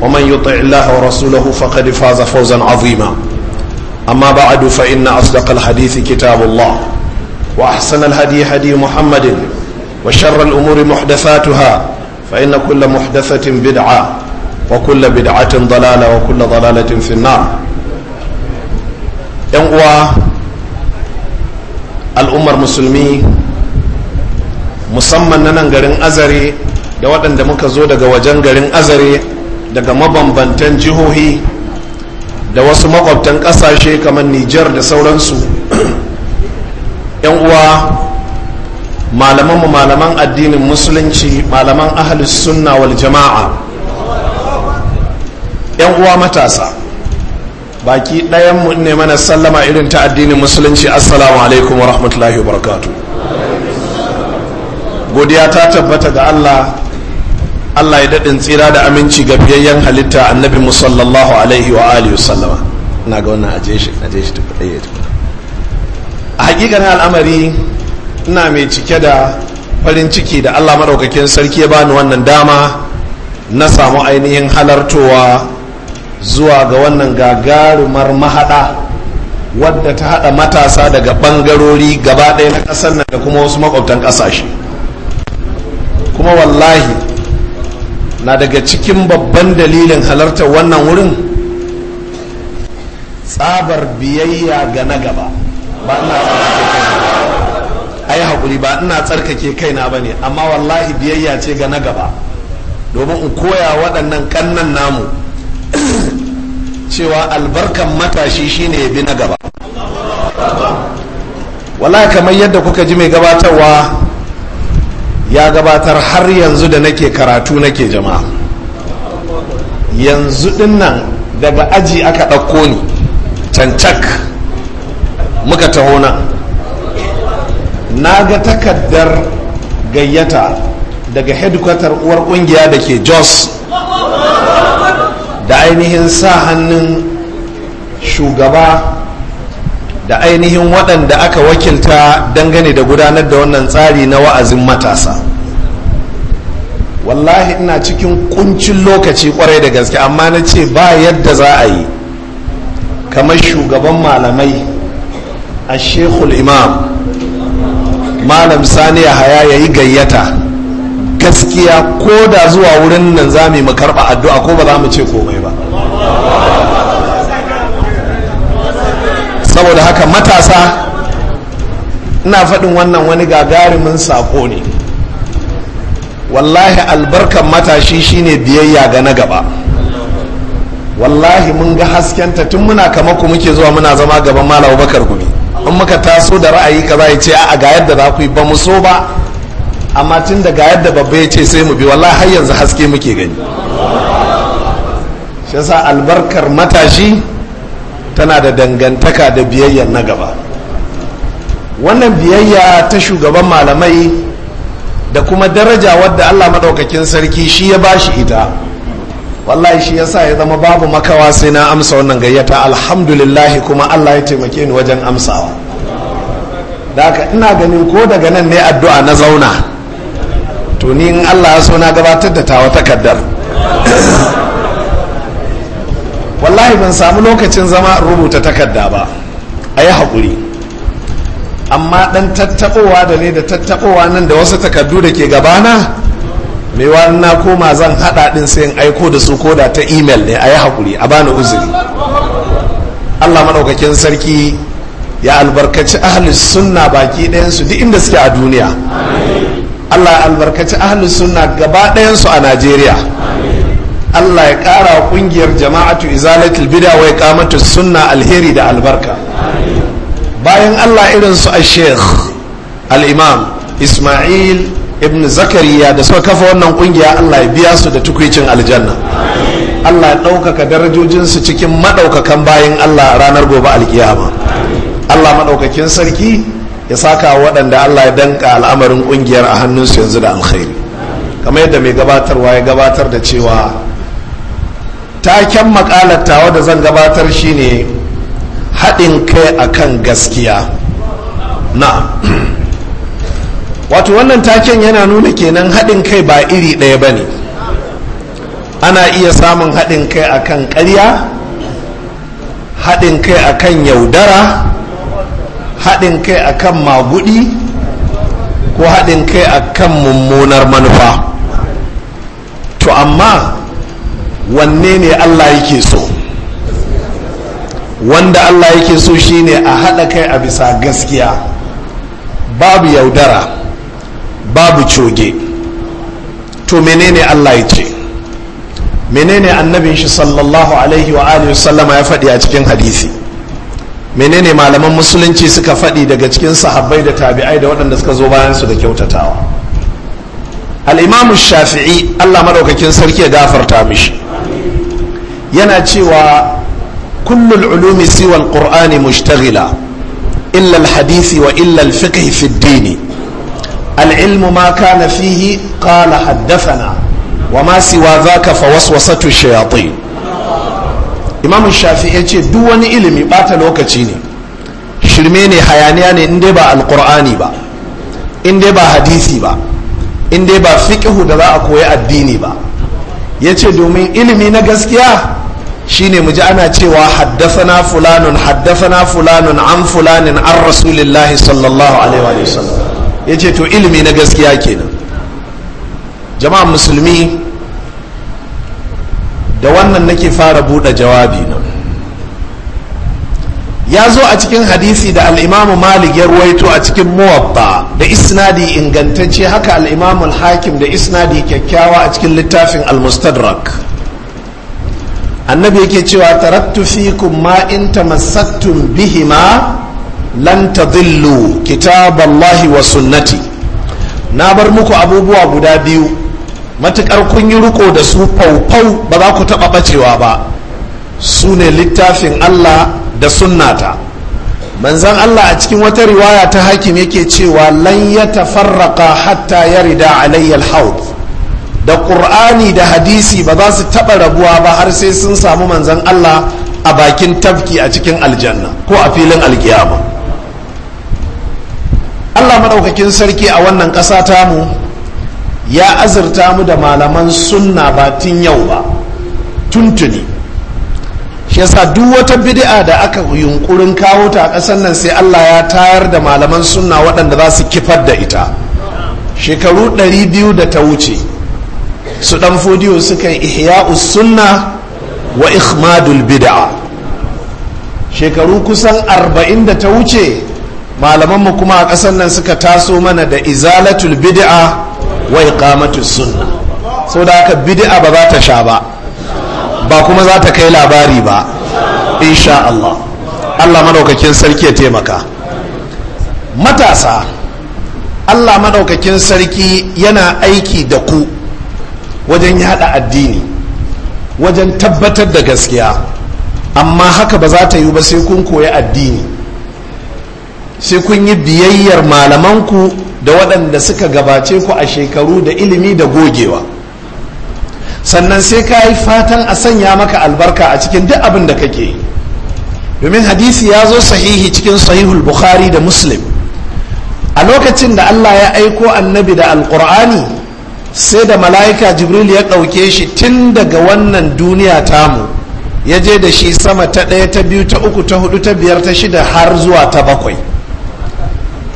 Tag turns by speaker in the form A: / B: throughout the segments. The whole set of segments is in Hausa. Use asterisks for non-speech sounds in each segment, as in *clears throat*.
A: ومن يطع الله ورسوله فقد فاز فوزا عظيما أما بعد فإن أصدق الحديث كتاب الله وأحسن الهدي هدي محمد وشر الأمور محدثاتها فإن كل محدثة بدعة وكل بدعة ضلالة وكل ضلالة في النار ينقوى الأمر مسلمي musamman na nan garin azare da waɗanda muka zo daga wajen garin azare daga mabambantan jihohi da wasu makwabtan kasashe kamar nijar da sauransu *clears throat* yan uwa malamanmu malaman addinin musulunci malaman ahalus sunna wal jama'a yan uwa matasa baki ɗayanmu ne mana sallama irin ta addinin musulunci assalamu alaikum wa rahmatullahi wa barakatu godiya ta tabbata ga allah Allah ya daɗin tsira da aminci ga biyayyen halitta annabi musallallahu alaihi wa alihi wasallama na ga wannan aje shi aje shi tuka ɗaya tuka a hakikan al'amari ina mai cike da farin ciki da Allah maɗaukakin sarki ya bani wannan dama na samu ainihin halartowa zuwa ga wannan gagarumar mahaɗa wadda ta haɗa matasa daga ɓangarori gaba ɗaya na ƙasar nan da kuma wasu maƙwabtan ƙasashe kuma wallahi na daga cikin babban dalilin halartar wannan wurin tsabar biyayya ga na gaba ba ina ai haƙuri ba ina tsarkake kai na ba ne amma wallahi biyayya ce ga na gaba domin in koya waɗannan kannan namu *coughs* cewa albarkan matashi shine ya bi na gaba wala kamar yadda kuka ji mai gabatarwa ya gabatar har yanzu da nake karatu nake jama'a yanzu nan daga aji aka ɗauko ni cancak muka taho nan na ga takardar gayyata daga hedkwatar uwar ƙungiya da ke jos da ainihin sa hannun shugaba da ainihin waɗanda aka wakilta dangane da gudanar da wannan tsari na wa'azin matasa wallahi ina cikin kuncin lokaci kwarai da gaske amma na ce ba yadda za a yi kamar shugaban malamai a shekul imam malam sani ya haya ya yi gayyata gaskiya ko da zuwa wurin nan za mu karɓa addu'a ko ba za mu ce komai ba saboda haka matasa ina faɗin wannan wani gagarumin saƙo ne wallahi albarkar matashi shine biyayya ga na gaba wallahi mun ga haskenta tun muna kama ku muke zuwa muna zama gaban malam bakar gumi in muka taso da ra'ayi ka za ya ce a ga yadda za ku yi ba mu so ba amma tun da ga yadda babba ya ce sai mu bi wallahi har yanzu haske muke gani shi albarkar matashi tana da dangantaka da biyayyar na gaba wannan biyayya ta shugaban malamai da kuma daraja wadda allah maɗaukakin sarki shi ya ba shi ita wallahi shi ya sa ya zama babu makawa sai na amsa wannan gayyata alhamdulillahi kuma allah ya taimake ni wajen amsawa da haka ina ganin ko daga nan ne addu'a na zauna to ni in allah ya so na gabatar da tawa takardar. wallahi ban samu lokacin zama rubuta takarda ba a yi haƙuri amma ɗan tattaɓowa da ne da tattaɓowa nan da wasu takardu da ke gabana mai na koma zan haɗa ɗin sai aiko da su koda ta imel ne a yi haƙuri a bani uzuri allah maɗaukakin sarki ya albarkaci ahalus sunna baki ɗayansu duk inda suke a duniya allah ya albarkaci ahalus sunna gaba ɗayansu a najeriya Allah ya ƙara ƙungiyar jama'atu izalatul bida wa kamatu sunna alheri da albarka bayan Allah irin su a sheikh al-imam ismail ibn zakariya da suka kafa wannan ƙungiya Allah ya biya su da tukwicin aljanna Allah ya ɗaukaka su cikin maɗaukakan bayan Allah ranar gobe alkiyama Allah maɗaukakin sarki ya saka waɗanda Allah ya danka al'amarin ƙungiyar a hannun su yanzu da alkhairi kamar yadda mai gabatarwa ya gabatar da cewa taken makalar da zan gabatar shine haɗin kai akan gaskiya na wato wannan taken yana nuna kenan haɗin kai ba iri ɗaya ba ne ana iya samun haɗin kai akan ƙarya haɗin kai akan yaudara haɗin kai akan magudi ko haɗin kai akan mummunar manufa to amma wanne ne Allah yake so wanda Allah yake so shine a haɗa kai a bisa gaskiya babu yaudara babu coge to menene Allah ya ce menene annabin shi sallallahu alaihi wa sallama ya faɗi a cikin hadisi menene malaman musulunci suka faɗi daga cikin sahabbai da tabi'ai da waɗanda suka zo bayan su da kyautatawa al-imamu shafi'i Allah madaukakin sarki ya gafarta mishi yana cewa kullul ulumi siwal ƙurani mushtaghila illa alhadisi wa illa alfiqh fi ad-din العلم ما كان فيه قال حدثنا وما سوى ذاك فوسوسة الشياطين imam shafi'i ya ce duk wani ilimi bata lokaci ne shirme ne hayaniya ne inda ba alkur'ani ba inda ba hadisi ba dai ba fiƙihu da za a koyi addini ba ya ce domin ilimi na gaskiya shine mu ji ana cewa haddafana fulanun haddafana fulanun an fulanin an rasulillahi sallallahu alaihi wa sallam ya ce to ilimi na gaskiya kenan jama'a musulmi da wannan nake fara buɗe jawabi na ya zo a cikin hadisi da al'imamu malik ya ruwaito a cikin muwabba da isnadi ingantacce haka al'imamu hakim da isnadi kyakkyawa a cikin littafin al-mustadrak annabi yake cewa tarattu fikum ma in tamassaktum bihima lan tadillu kitaballahi wa sunnati na bar muku abubuwa guda biyu matuƙar kun yi riko da su faufau ba za ku taba bacewa ba su ne littafin Allah da sunnata manzan Allah a cikin wata riwaya ta hakim yake cewa lan ya tafarraka hatta yarida alayyal haud da ƙur'ani da hadisi ba za su taɓa rabuwa ba har sai sun samu manzan Allah a bakin tafki a cikin aljanna ko a filin alkiyama Allah maɗaukakin sarki a wannan ƙasa mu ya azurta mu da malaman sunna ba tun yau ba tuntuni shi yasa duk wata bid'a da aka yunkurin kawo ta a ƙasar nan sai Allah ya tayar da malaman sunna waɗanda za su kifar da ita shekaru 200 da ta wuce su dan fodiyo suka yi ihya'us sunna wa ikhmadul bid'a shekaru kusan arba'in da ta wuce malamanmu kuma a kasan nan suka taso mana da izalatul bid'a wa iqamatus sunna sau da haka bid'a ba za ta sha ba ba kuma za ta kai labari ba insha Allah Allah madaukakin sarki ya taimaka matasa Allah madaukakin sarki yana aiki da ku wajen yada addini wajen tabbatar da gaskiya amma haka ba za ta yi ba sai kun koya addini sai kun yi biyayyar malamanku da waɗanda suka gabace ku a shekaru da ilimi da gogewa sannan sai ka yi fatan a sanya maka albarka a cikin duk abin da kake yi domin hadisi ya zo sahihi cikin sahihul bukhari da muslim a lokacin da allah ya aiko annabi da alkur'ani sai da mala'ika jibril ya ɗauke shi tun daga wannan duniya tamu ya je da shi sama ta ɗaya ta biyu ta uku ta hudu ta biyar ta shida har zuwa ta bakwai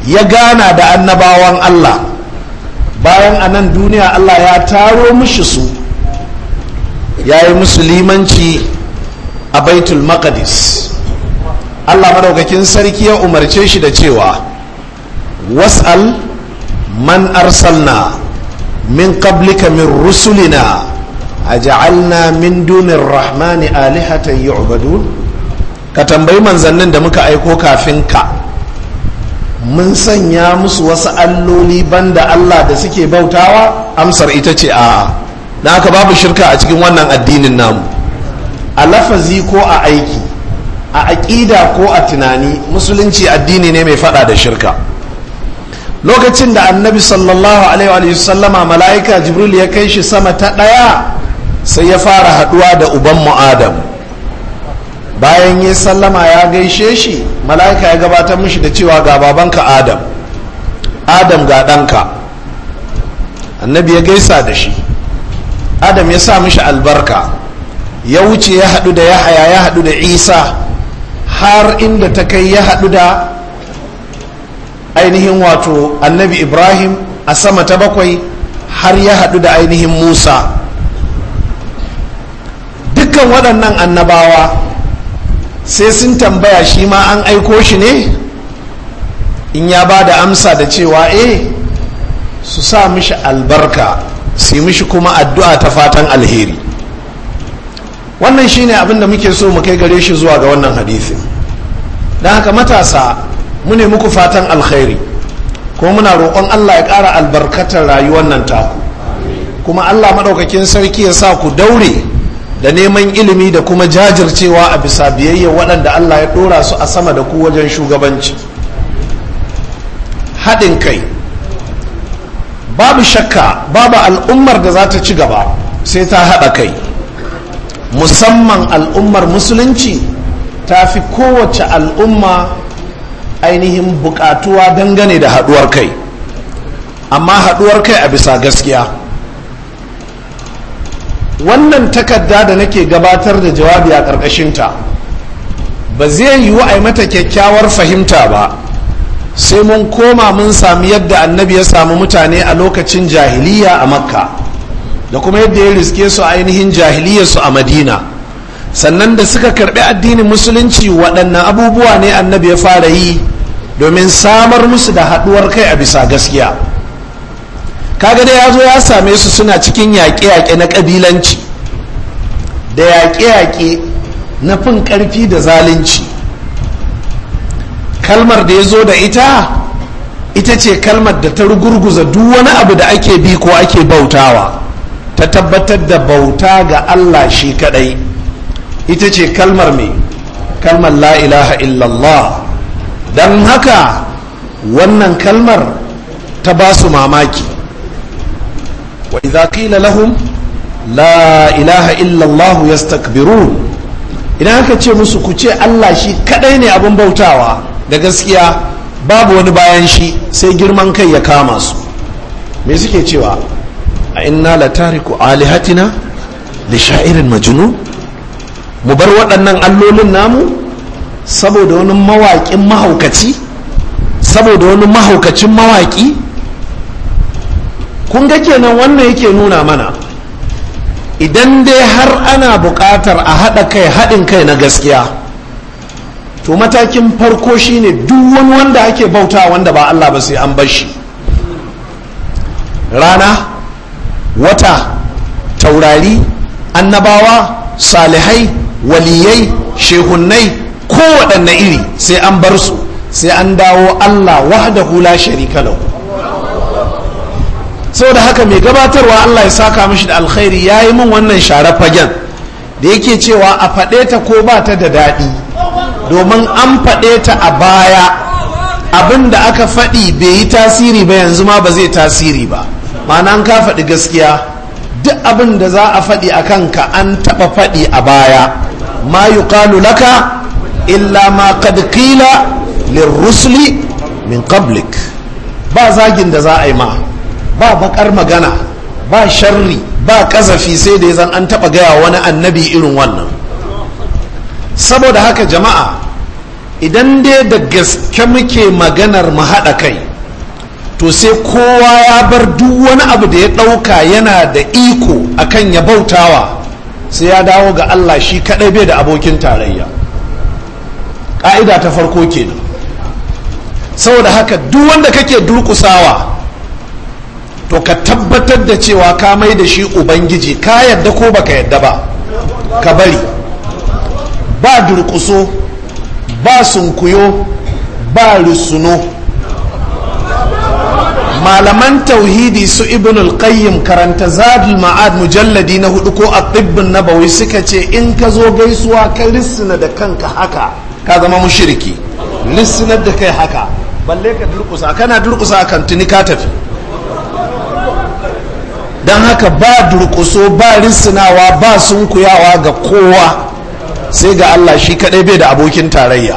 A: ya gana da annabawan allah bayan a nan duniya allah ya taro mushi su ya yi musulmanci a baitul maqadis allah madaukakin sarki ya umarce shi da cewa was'al man arsalna min qablika min rusulina aj'alna min dunir rahmani alihatan yu'badun ka tambayi manzannin da muka aiko kafin ka mun sanya musu wasu alloli banda Allah da suke bautawa amsar ita ce a'a na haka babu shirka a cikin wannan addinin namu a lafazi ko a aiki a aƙida ko a tunani musulunci addini ne mai faɗa da shirka lokacin da annabi sallallahu alaihi sallama mala'ika jibril ya kai shi sama ta ɗaya sai ya fara haɗuwa da ubanmu adam bayan ya sallama ya gaishe shi mala'ika ya gabatar mishi da cewa ga babanka adam adam ga ɗanka annabi ya gaisa da shi adam ya sa mishi albarka ya wuce ya haɗu da yahaya ya haɗu da isa har inda ta kai ya haɗu da ainihin wato annabi ibrahim a sama ta bakwai har ya haɗu da ainihin musa dukkan waɗannan annabawa sai sun tambaya shi ma an aiko shi ne in ya ba da amsa da cewa eh su sa mishi albarka su mishi kuma addu'a ta fatan alheri wannan shine abin da muke so mu kai gare shi zuwa ga wannan hadisin don haka matasa mu muku fatan alkhairi kuma muna roƙon allah ya ƙara albarkatar rayuwar nan taku kuma allah maɗaukakin sarki ya sa ku daure da neman ilimi da kuma jajircewa a bisa biyayya waɗanda allah ya ɗora su a sama da ku wajen shugabanci haɗin kai babu shakka babu al'ummar da za ta ci gaba sai ta haɗa kai musamman al'ummar musulunci ta fi kowace al'umma ainihin bukatuwa dangane da haduwar kai amma haduwar kai a bisa gaskiya wannan takarda da nake gabatar da jawabi a ƙarƙashinta ba zai yiwu a yi mata kyakkyawar fahimta ba sai mun koma mun sami yadda annabi ya samu mutane a lokacin jahiliya a makka da kuma yadda ya riske su ainihin jahiliyarsu a madina sannan da suka karbi addinin musulunci waɗannan abubuwa ne annabi ya fara yi domin samar musu da haɗuwar kai a bisa gaskiya kaga dai ya zo ya same su suna cikin yaƙe-yaƙe na ƙabilanci da yaƙe-yaƙe na fin ƙarfi da zalunci kalmar da ya zo da ita ita ce kalmar da ta rugurguza duk wani abu da ake bi ko ake bautawa ta tabbatar da bauta ga allah shi kadai. ita ce kalmar mai kalmar la ilaha illallah don haka wannan kalmar ta ba su mamaki wa idza qila lahum la ilaha illallah yastakbirun idan aka ce musu ku ce Allah shi kadai ne abin bautawa da gaskiya babu wani bayan shi sai girman kai ya kama su me suke cewa a inna la tariku alihatina li sha'irin majnun mu bar waɗannan allolin namu saboda wani mawaƙin mahaukaci saboda wani mahaukacin mawaƙi kun ga kenan wannan yake nuna mana idan dai har ana buƙatar a haɗa kai haɗin kai na gaskiya to matakin farko shine duk wani wanda ake bauta wanda ba Allah ba sai an bar shi rana wata taurari annabawa salihai waliyai shehunai kowaɗanne iri sai an bar su sai an dawo Allah wahdahu la sharika lahu saboda haka mai gabatarwa Allah ya saka mishi da alkhairi ya yi min wannan share fagen da yake cewa a faɗe ta ko ba ta da daɗi domin an faɗe ta a baya abin da aka faɗi bai yi tasiri ba yanzu ma ba zai tasiri ba ma'ana an ka faɗi gaskiya duk abin da za a faɗi a kanka an taɓa faɗi a baya ma yuqalu laka illa ma qad qila lirrusuli min qablik ba zagin da za a yi ma ba bakar magana ba sharri ba kazafi sai da zan an taɓa gaya wani annabi irin wannan saboda haka jama'a idan dai da gaske muke maganar mu haɗa kai to sai kowa ya bar duk wani abu da ya ɗauka yana da iko akan ya bautawa sai ya dawo ga Allah shi kadai bai da abokin tarayya ƙa'ida ta farko ke. kenan saboda haka duk wanda kake durƙusawa, to ka tabbatar da cewa ka mai da shi ubangiji ka yadda ko baka yadda ba ka bari ba durkuso ba sunkuyo ba rusuno malaman tauhidi su ibn karanta zadul ma'ad mujalladi na hudu ko at nabawi suka ce in ka zo gaisuwa ka lissina da kanka haka ka zama mushriki lissina da kai haka balle ka durkusa kana durkusa kan tuni ka tafi don haka ba durkuso ba risinawa ba sunkuyawa ga kowa sai ga Allah shi kaɗai bai da abokin tarayya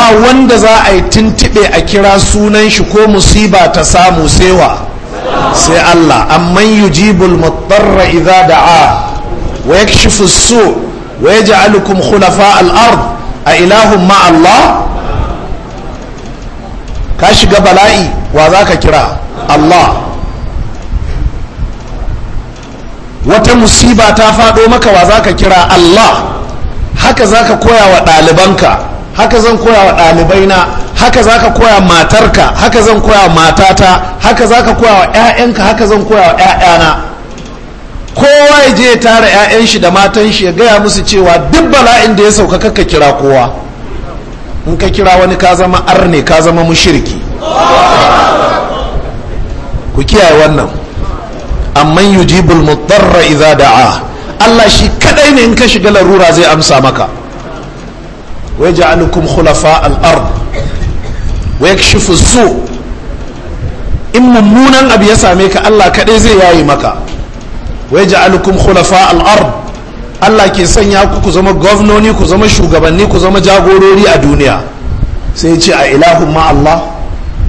A: ba wanda za a yi tuntube a kira sunan shi ko musiba ta samu sewa
B: sai Allah
A: amma amman jibul mutarra idza da'a wa yakshifu su wa yaj'alukum khulafa al-ard a ilahun ma Allah ka shiga bala'i wa za ka kira Allah wata musiba ta faɗo maka wa za ka kira Allah haka za ka koya wa ɗalibanka haka zan koya wa ɗalibaina haka zaka ka koya matarka haka zan koya matata haka za koya wa 'ya'yanka haka zan koya wa 'ya'yana kowa ya je tara 'ya'yan shi da matan shi ya gaya musu cewa duk bala'in da ya sauka kakka kira kowa in ka kira wani ka zama arne ka zama mushirki ku kiyaye wannan amman yujibul mudarra idza da'a Allah shi kadai ne in ka shiga larura zai amsa maka ويجعلكم خلفاء الأرض ويكشف السوء in mummunan abu ya same ka Allah kaɗai zai yayi maka wai ja'alukum khulafa al Allah ke sanya ku ku zama gwamnoni ku zama shugabanni ku zama jagorori a duniya sai ce a ilahun ma Allah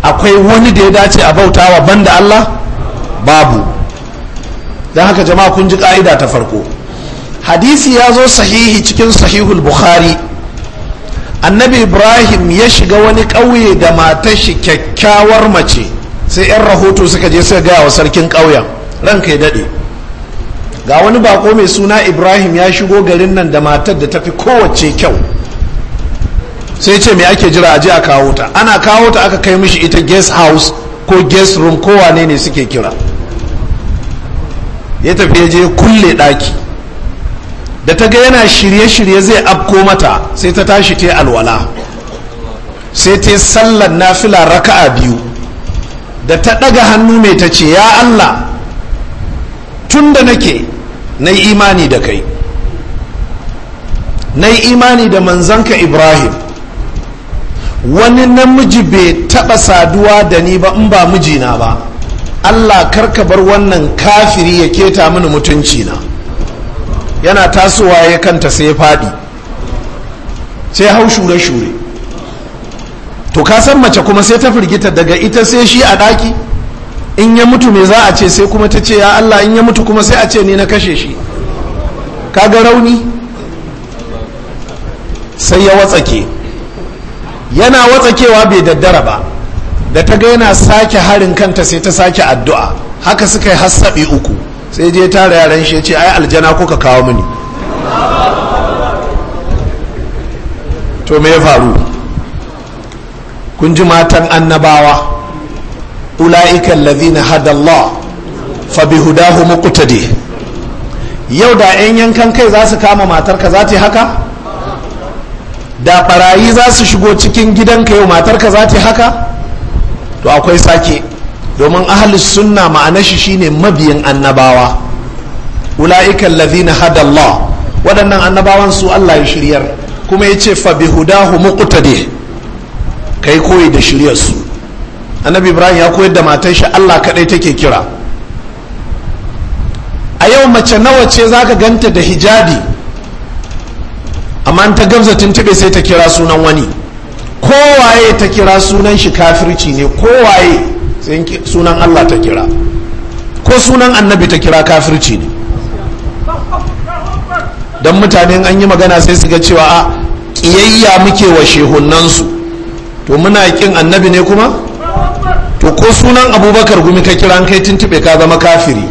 A: akwai wani da ya dace a bautawa banda Allah babu don haka jama'a kun ji ka'ida ta farko hadisi ya zo sahihi cikin sahihul bukhari annabi ibrahim ya shiga wani ƙauye da matar shi kyakkyawar mace sai 'yan rahoto suka je suka gaya wa sarkin ƙauyen ranka ya daɗe ga wani bako mai suna ibrahim ya shigo garin nan da matar da tafi kowace kyau sai ce me ake jira aje a kawo ta ana kawo ta aka kai mishi ita guest house ko guest room ko wane ne suke kira ya tafi ya je kulle ɗaki da ta ga yana shirye-shirye zai abko mata sai ta tashi ta alwala sai ta sallar nafila raka'a biyu da ta ɗaga hannu mai ta ce ya Allah tun da nake na imani da kai na imani da manzanka ibrahim wani namiji bai taɓa saduwa da ni ba in ba mijina ba allah karka bar wannan kafiri ya keta mini mutuncina. na yana tasowa ya kanta sai ya faɗi sai hau shure-shure to ka san mace kuma sai ta firgita daga ita sai shi a ɗaki in ya mutu me za a ce sai kuma ta ce ya Allah in ya mutu kuma sai a ce ni na kashe shi kaga rauni sai ya watsake yana watsakewa bai daddara ba da ta ga yana sake harin kanta sai ta sake addu'a haka suka yi hassabi uku sai je tara yaran shi ya ce ai aljana kuka kawo mini to me ya faru kun ji matan annabawa ula'ikan lazina hadallah fa bihudahu muqtadi yau da 'yan yankan kai za su kama matarka za ta yi haka da barayi za su shigo cikin gidanka yau matarka za ta yi haka to akwai sake domin ahalus sunna ma'anar shi shine mabiyin annabawa ula'ikan ladhina hadallah waɗannan annabawan su Allah ya shiryar kuma ya ce fa bihudahu muqtadi kai koyi da shiryar su annabi ibrahim ya koyar da matan shi Allah kadai take kira a yau mace nawa ce zaka ganta da hijabi amma ta gamza tuntube sai ta kira sunan wani kowaye ta kira sunan shi kafirci ne kowaye sunan Allah ta kira ko sunan annabi ta kira kafirci ne don mutane an yi magana sai su ga cewa a ƙiyayya muke wa shehunansu to muna ƙin annabi ne kuma to ko sunan abubakar gumi ka kira kai tuntube ka zama kafiri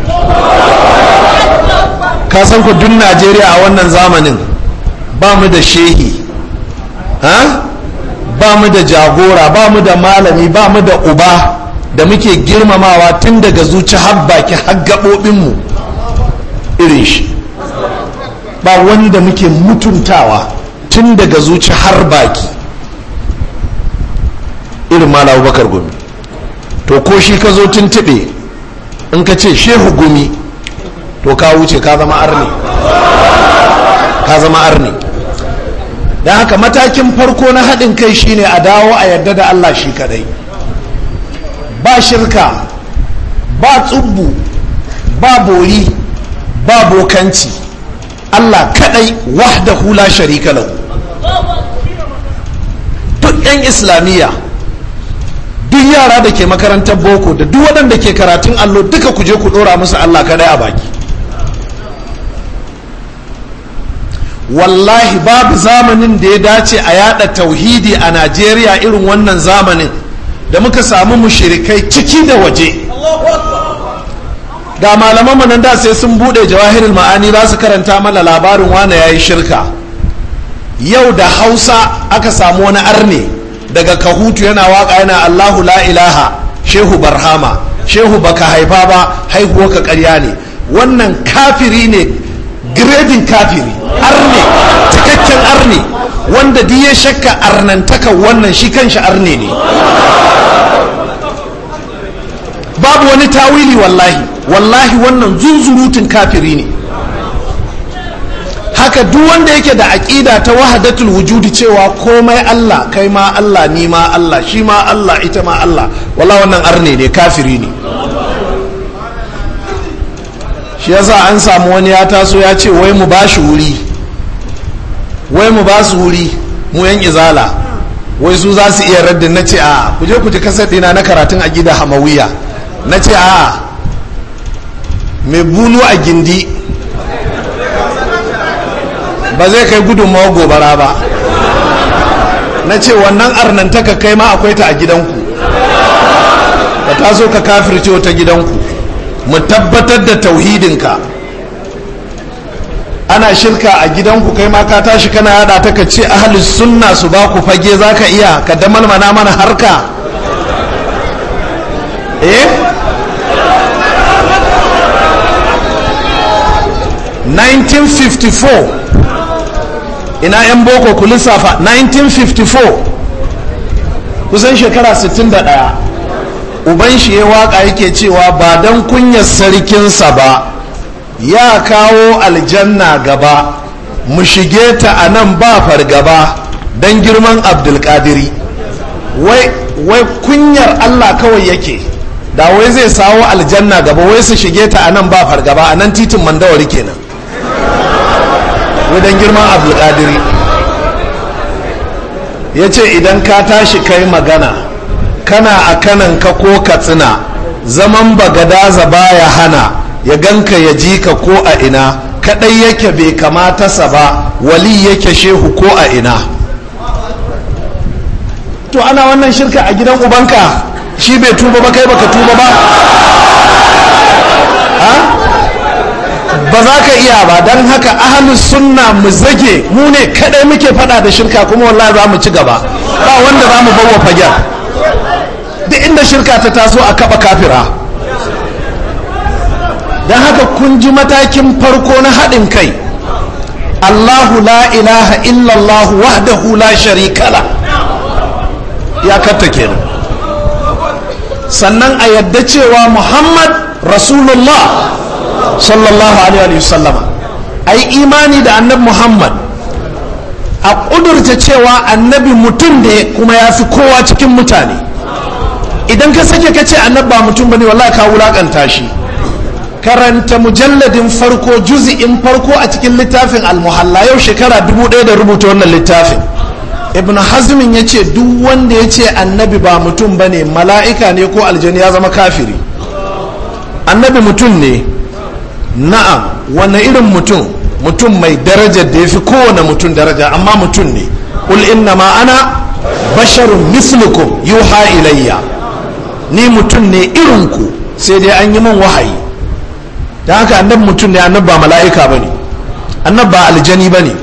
A: kasan san ku duk najeriya a wannan zamanin ba mu da shehi ha ba mu da jagora ba mu da malami ba mu da uba da muke girmamawa tun daga zuci har baki har irin shi ba wani da muke mutuntawa tun daga zuci har baki irin mala abubakar gumi to ko shi ka zo tuntube in ka ce shehu gumi to ka wuce ka zama arne ka zama arne don haka matakin farko na haɗin kai shine a dawo a yarda da allah shi kadai ba shirka ba tsubbu ba bori ba bokanci Allah kadai wahda hula sharikalau duk yan islamiyya duk yara da ke makarantar boko da duk waɗanda ke karatun allo duka kuje ku ɗora musu Allah kadai a baki wallahi babu zamanin da ya dace a yada tauhidi a najeriya irin wannan zamanin da muka samu mushirikai ciki da waje da malaman mu nan da sai sun bude jawahirul ma'ani za su karanta mana labarin wane yayi shirka yau da Hausa aka samu wani arne daga kahutu yana waka yana Allahu la ilaha shehu barhama shehu baka haifa ba haihuwa ka karya ne wannan kafiri ne gredin kafiri
B: arne cikakken arne
A: wanda duk ya shakka arnantaka wannan shi kanshi arne ne babu wani tawili wallahi wallahi wannan zunzurutun kafiri ne haka duk wanda yake da aƙida ta wahadatul wujudi cewa komai Allah kai ma Allah ni ma Allah shi ma Allah ita ma Allah wala wannan arne ne kafiri ne shi yasa an samu wani ya taso ya ce wai mu bashi wuri wai mu ba wuri mu yan izala wai su za su iya raddin na ce a kuje je ku ji kasar dina na karatun aqida hamawiya na ce a mai bulu a gindi ba zai kai gudunmawa gobara ba na ce wannan arnantaka kai ma akwai ta a gidanku ka so ka kafirce ta gidanku mu tabbatar da tauhidinka ana shirka a gidanku kai ma ka tashi kana yada ta ka ce ahalus sunna su ba ku fage za ka iya ka damalmana mana harka eh 1954 ina 'yan boko ku lissafa 1954 kusan shekara 61 uban shi ya waka yake cewa ba don kunyar sarkinsa ba ya kawo aljanna gaba mu shige ta a nan ba fargaba don girman abdulkadiri wai kunyar allah kawai yake da wai zai sawo aljanna gaba wai su shige ta a nan ba fargaba a nan titin mandawari kenan wajen girman abdulkadiri ya ce idan ka tashi kai magana kana a kanan ka ko katsina zaman bagadaza ya hana ya ganka ya ji ka ko a ina kaɗai yake bai kamata sa ba wali yake shehu ko a ina to ana wannan shirka a gidan ubanka shi bai tuba ba kai baka tuba ba ba za ka iya ba don haka ahalus sunna mu zage mu ne kadai muke fada da shirka kuma wallahi za mu ci gaba ba wanda za mu bawa fagen duk inda shirka ta taso a kaba kafira don haka kun ji matakin farko na haɗin kai allahu la ilaha illallah wahdahu la sharikala ya katta kenan sannan a yadda cewa muhammad rasulullah sallallahu alaihi wasallama a imani da annabi muhammad a ƙudurta cewa annabi mutum ne kuma ya fi kowa cikin mutane idan ka sake ka ce annabi ba mutum ba ne wallahi ka wulakanta shi karanta mujalladin farko juz'in farko a cikin littafin al almuhalla yau shekara dubu ɗaya da rubuta wannan littafin ibn hazmin ya ce duk wanda ya ce annabi ba mutum bane mala'ika ne ko aljani ya zama kafiri annabi mutum ne na'am wani irin mutum mutum mai daraja da ya fi kowane mutum daraja amma mutum ne ul inna ma ana basharun mislukum yuha ilayya ni mutum ne irinku sai dai an yi min wahayi da haka mutum ne annabi ba mala'ika ba ne annabi ba aljani ba ne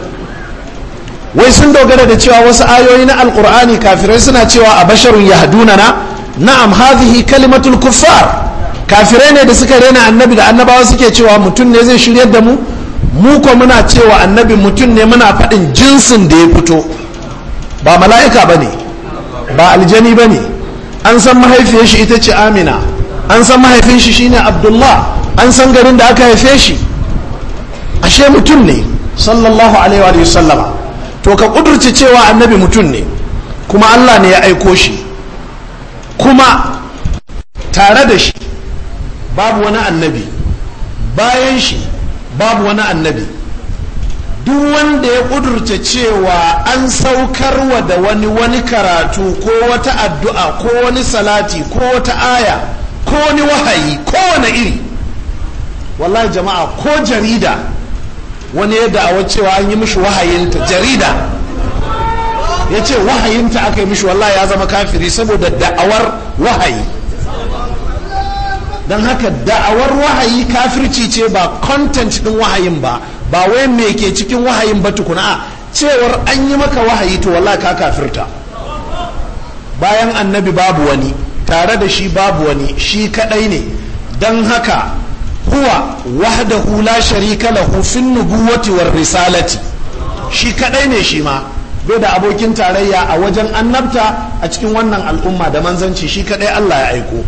A: wai sun dogara da cewa wasu ayoyi na alkur'ani kafirai suna cewa a basharun yahdunana na'am hadhihi kalimatul kuffar kafirai ne da suka rena annabi da annabawa suke cewa mutum ne zai shiryar da mu mu ko muna cewa annabi mutum ne muna faɗin jinsin da ya fito ba mala'ika ba ne ba aljani ba ne an san mahaifiyar shi ita ce amina an san mahaifin shi shine abdullah an san garin da aka haife shi ashe mutum ne sallallahu alaihi wa sallama to ka kudurci cewa annabi mutum ne kuma allah ne ya aiko shi kuma tare da shi babu wani annabi bayan shi babu wani annabi duk wanda ya ƙudurta cewa an saukarwa da wani wani karatu ko wata addu'a ko wani salati ko wata aya ko wani wahayi ko wani iri wallahi jama'a ko jarida wani ya da'awa cewa an yi mishi wahayinta jarida ya ce wahayinta aka yi mishi wallahi ya zama kafiri saboda da'awar wahayi don haka da'awar wahayi kafirci ce ba content ɗin wahayin ba ba wai me ke cikin wahayin ba tukuna a cewar an yi maka wahayi to walla ka kafirta bayan annabi babu wani tare da shi babu wani shi kadai ne don haka huwa wahda hula sharika lahu fin nubuwati war risalati shi kadai ne shi ma bai da abokin tarayya a wajen annabta a cikin wannan al'umma da manzanci shi kadai Allah ya aiko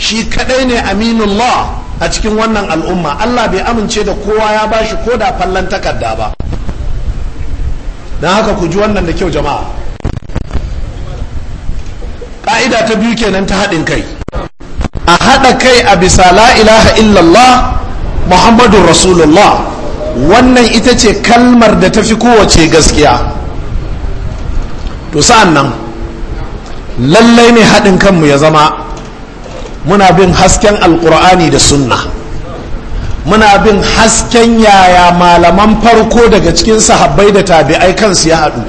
A: shi kadai ne aminullah a cikin wannan al'umma Allah bai amince da kowa ya bashi ko da fallan takarda ba don haka ku ji wannan da kyau jama'a ƙa'ida ta biyu kenan ta haɗin kai a haɗa kai a bisa la ilaha illallah muhammadun rasulullah wannan ita ce kalmar da ta fi kowace gaskiya to sa'an nan lallai ne haɗin kanmu ya zama muna bin hasken alkur'ani da sunna muna bin hasken yaya malaman farko daga cikin sahabbai da tabi'ai kansu ya haɗu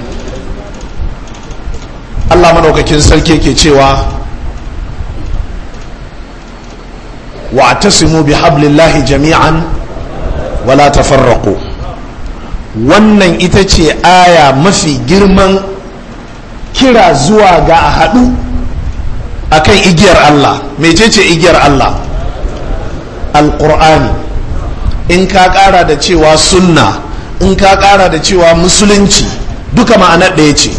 A: allah maɗaukakin sarki ke cewa wa tasimu bi hablillahi jami'an wala tafarraqu wannan ita ce aya mafi girman kira zuwa ga a haɗu A akan igiyar Allah mecece igiyar Allah Alƙur'ani in ka ƙara da cewa sunna in ka ƙara da cewa musulunci duka ma'ana ɗaya ce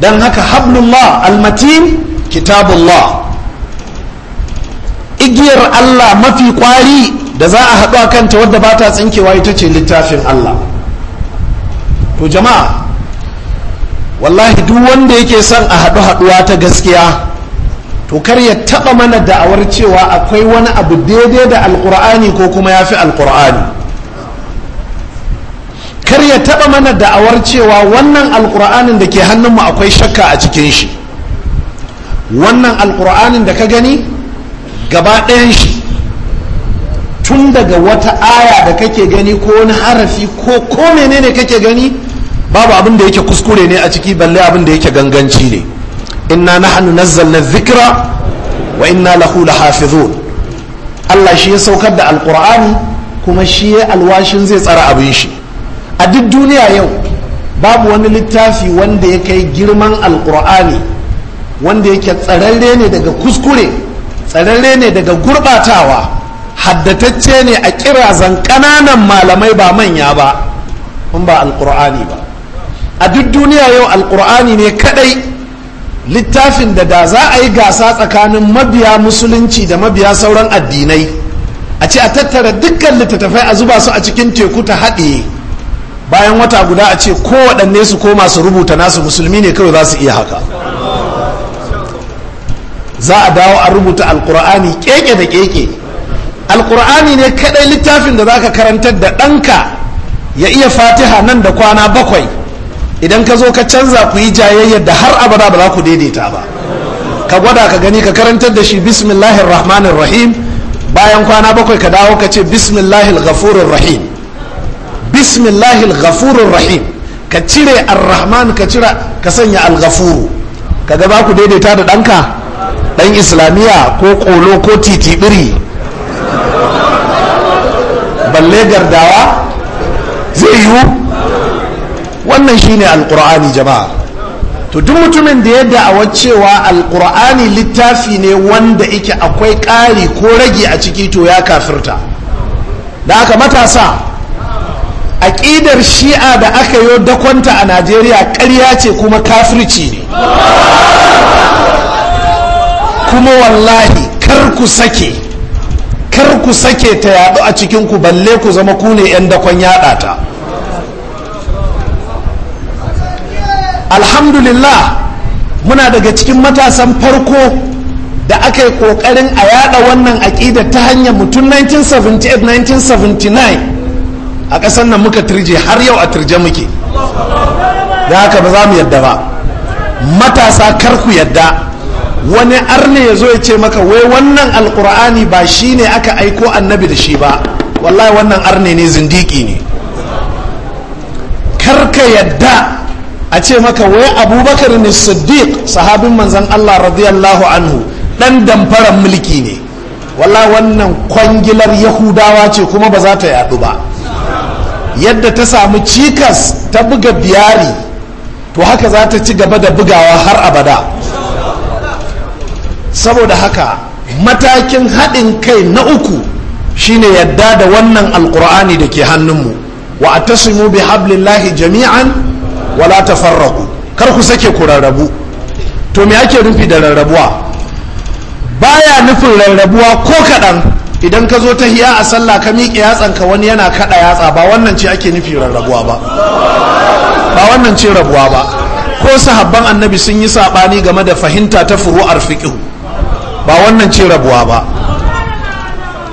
A: don haka hablullah almatin kitabullah igiyar Allah mafi ƙwari da za a haɗu a kanta wadda ba ta tsinkewa ita ce littafin Allah to jama'a wallahi duk wanda yake son a haɗu haɗuwa ta gaskiya to kar ya taɓa mana da'awar cewa akwai wani abu daidai da alƙur'ani ko kuma ya fi alƙur'ani kar ya taɓa mana da'awar cewa wannan alƙur'anin da ke hannunmu akwai shakka a cikin shi wannan alƙur'anin da ka gani gaba ɗayan shi tun daga wata aya da kake gani ko wani harafi ko ko menene kake gani babu abin da yake kuskure ne a ciki balle abin da yake ganganci ne inna nahnu nazzalna dhikra wa inna lahu lahafizun Allah shi ya saukar da alqur'ani kuma shi ya alwashin zai tsara abin shi a duk duniya yau babu wani littafi wanda ya kai girman alqur'ani wanda yake tsararre ne daga kuskure tsararre ne daga gurbatawa haddatacce ne a kirazan ƙananan malamai ba manya ba in ba alqur'ani ba a duk duniya yau alkur'ani ne kadai littafin da da za a yi gasa tsakanin mabiya musulunci da mabiya sauran addinai a ce a tattara dukkan littattafai a zuba su a cikin teku ta haɗe bayan wata guda a ce kowaɗanne su koma su rubuta nasu musulmi ne kawai za su iya haka za a dawo a rubuta alkur'ani keke da keke alkur'ani ne kadai littafin da za ka karantar da ɗanka ya iya fatiha nan da kwana bakwai idan ka zo ka canza ku yi jayayyar da har abada ba za ku daidaita ba ka gwada ka gani ka karantar da shi bismillahir rahmanir rahim bayan kwana bakwai ka dawo ka ce bismillahir ghafurur rahim bismillahir ghafurur rahim ka cire ar-rahman ka cire ka sanya al-ghafuru kaga ba ku daidaita da danka dan islamiya ko kolo ko titibiri balle gardawa zai yiwu wannan shine alkur'ani jama'a to duk mutumin da ya da'awa cewa alkur'ani littafi ne wanda yake akwai ƙari ko rage a ciki to ya kafirta da aka matasa aƙidar shi'a da aka yi dakonta a najeriya ƙarya ce kuma kafirci ne kuma wallahi kar ku sake kar ku sake ta yaɗu a cikinku balle ku zama ku ne 'yan dakon yaɗa ta alhamdulillah muna daga cikin matasan farko da aka yi kokarin a yada wannan aƙida ta hanyar mutum 1978-1979 a ƙasar nan muka turje har yau a turje muke da haka ba za mu yadda ba matasa kar ku yadda wani arne ya zo ya ce maka wai wannan alkur'ani ba shi ne aka aiko annabi da shi ba wallahi wannan arne ne zindiki ne karka yadda a ce maka wai abubakar ne siddiq sahabin manzan allah radiyallahu anhu dan damfaran mulki ne wala wannan kwangilar yahudawa ce kuma ba za ta yadu ba yadda ta samu cikas ta buga biyari to haka za ta ci gaba da bugawa har abada saboda haka matakin haɗin kai na uku shine yadda da wannan alkur'ani da ke hannunmu wa a bi hablillahi jami'an wala ta tafarraqu kar ku sake ku rarrabu to me ake nufi da rarrabuwa baya nufin rarrabuwa ko kaɗan idan ka zo ta hiya a sallah ka miƙe yatsanka wani yana kaɗa yatsa ba wannan ce ake nufi rarrabuwa ba ba wannan ce rabuwa ba ko sahabban annabi sun yi saɓani game da fahimta ta furu'ar fiƙihu ba wannan ce rabuwa ba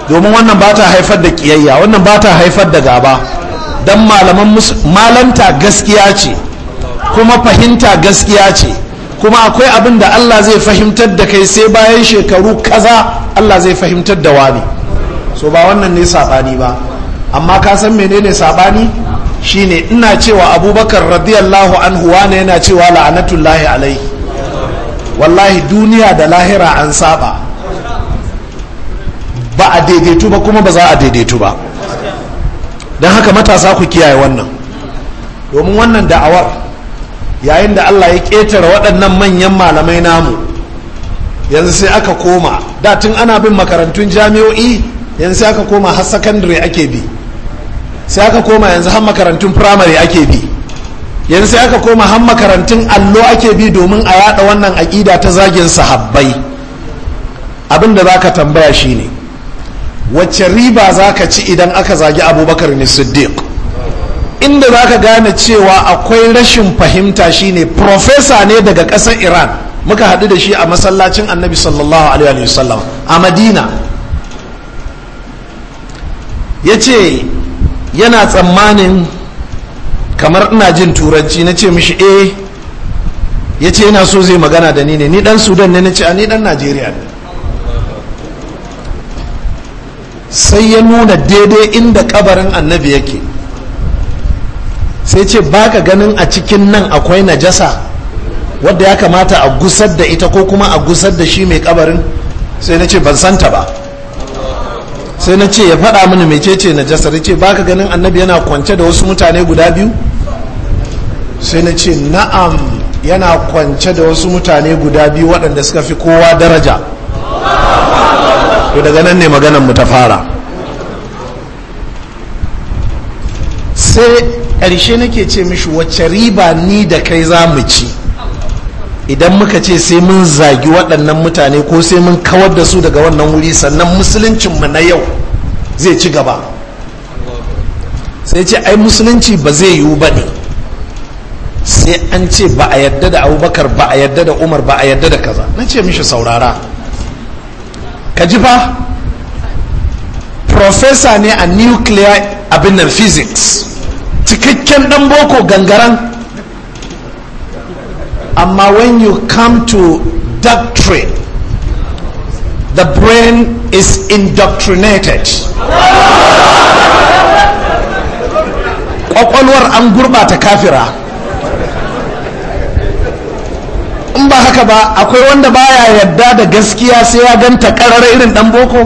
A: domin wannan ba ta haifar da ƙiyayya wannan ba ta haifar da gaba don malaman malanta gaskiya ce kuma fahimta gaskiya ce kuma akwai abin da Allah zai fahimtar da kai sai bayan shekaru kaza Allah zai fahimtar da wani so ba wannan ne saɓani ba amma ka san menene saɓani shine ina cewa abubakar radiyallahu anhu wane yana cewa la'anatullahi alaihi wallahi duniya da lahira an saba ba a daidaitu ba kuma ba za a daidaitu ba don haka matasa ku kiyaye wannan domin wannan da'awar yayin da allah ya ƙetare waɗannan manyan malamai namu yanzu sai aka koma da tun ana bin makarantun jami'o'i yanzu sai aka koma har sakandare ake bi sai aka koma yanzu har makarantun firamare ake bi yanzu sai aka koma har makarantun allo ake bi domin a yada wannan aƙida ta zagin sahabbai abinda da za ka tambaya shine wacce riba za ka ci idan aka zagi abubakar ne siddiq inda za ka gane cewa akwai rashin fahimta shine profesa ne daga ƙasar iran muka haɗu da shi a masallacin annabi sallallahu alaihi wasallam a madina ya ce yana tsammanin kamar ina jin turanci na ce mishi eh ya ce yana so zai magana da ni ne ni dan sudan ne na ce a ni dan najeriya ne sai ya nuna daidai inda kabarin annabi yake sai ce baka ganin a cikin nan akwai najasa wadda ya kamata a gusar da ita ko kuma a gusar da shi mai kabarin sai na ce ban santa ba sai na ce ya faɗa mini mecece najasar ya ce baka ganin annabi yana kwance da wasu mutane guda biyu sai na ce na'am yana kwance da wasu mutane guda biyu waɗanda suka fi kowa daraja to daga nan ne maganan mu ta fara sai ƙarshe nake ce mishi wacce riba ni da kai za mu ci idan muka ce sai mun zagi waɗannan mutane ko sai mun kawar da su daga wannan wuri sannan musuluncinmu na yau zai ci gaba sai ce ai musulunci ba zai yiwu ba ne sai an ce ba a yadda da abubakar ba a yadda da umar ba a yadda da kaza na ce mishi saurara ka ji ba professor ne a nuclear abin physics cikakken dan boko gangaran amma when you come to doctrine the brain is indoctrinated kwakwalwar an gurbata kafira in ba haka ba akwai wanda baya yadda da gaskiya sai ya ganta karar irin dan boko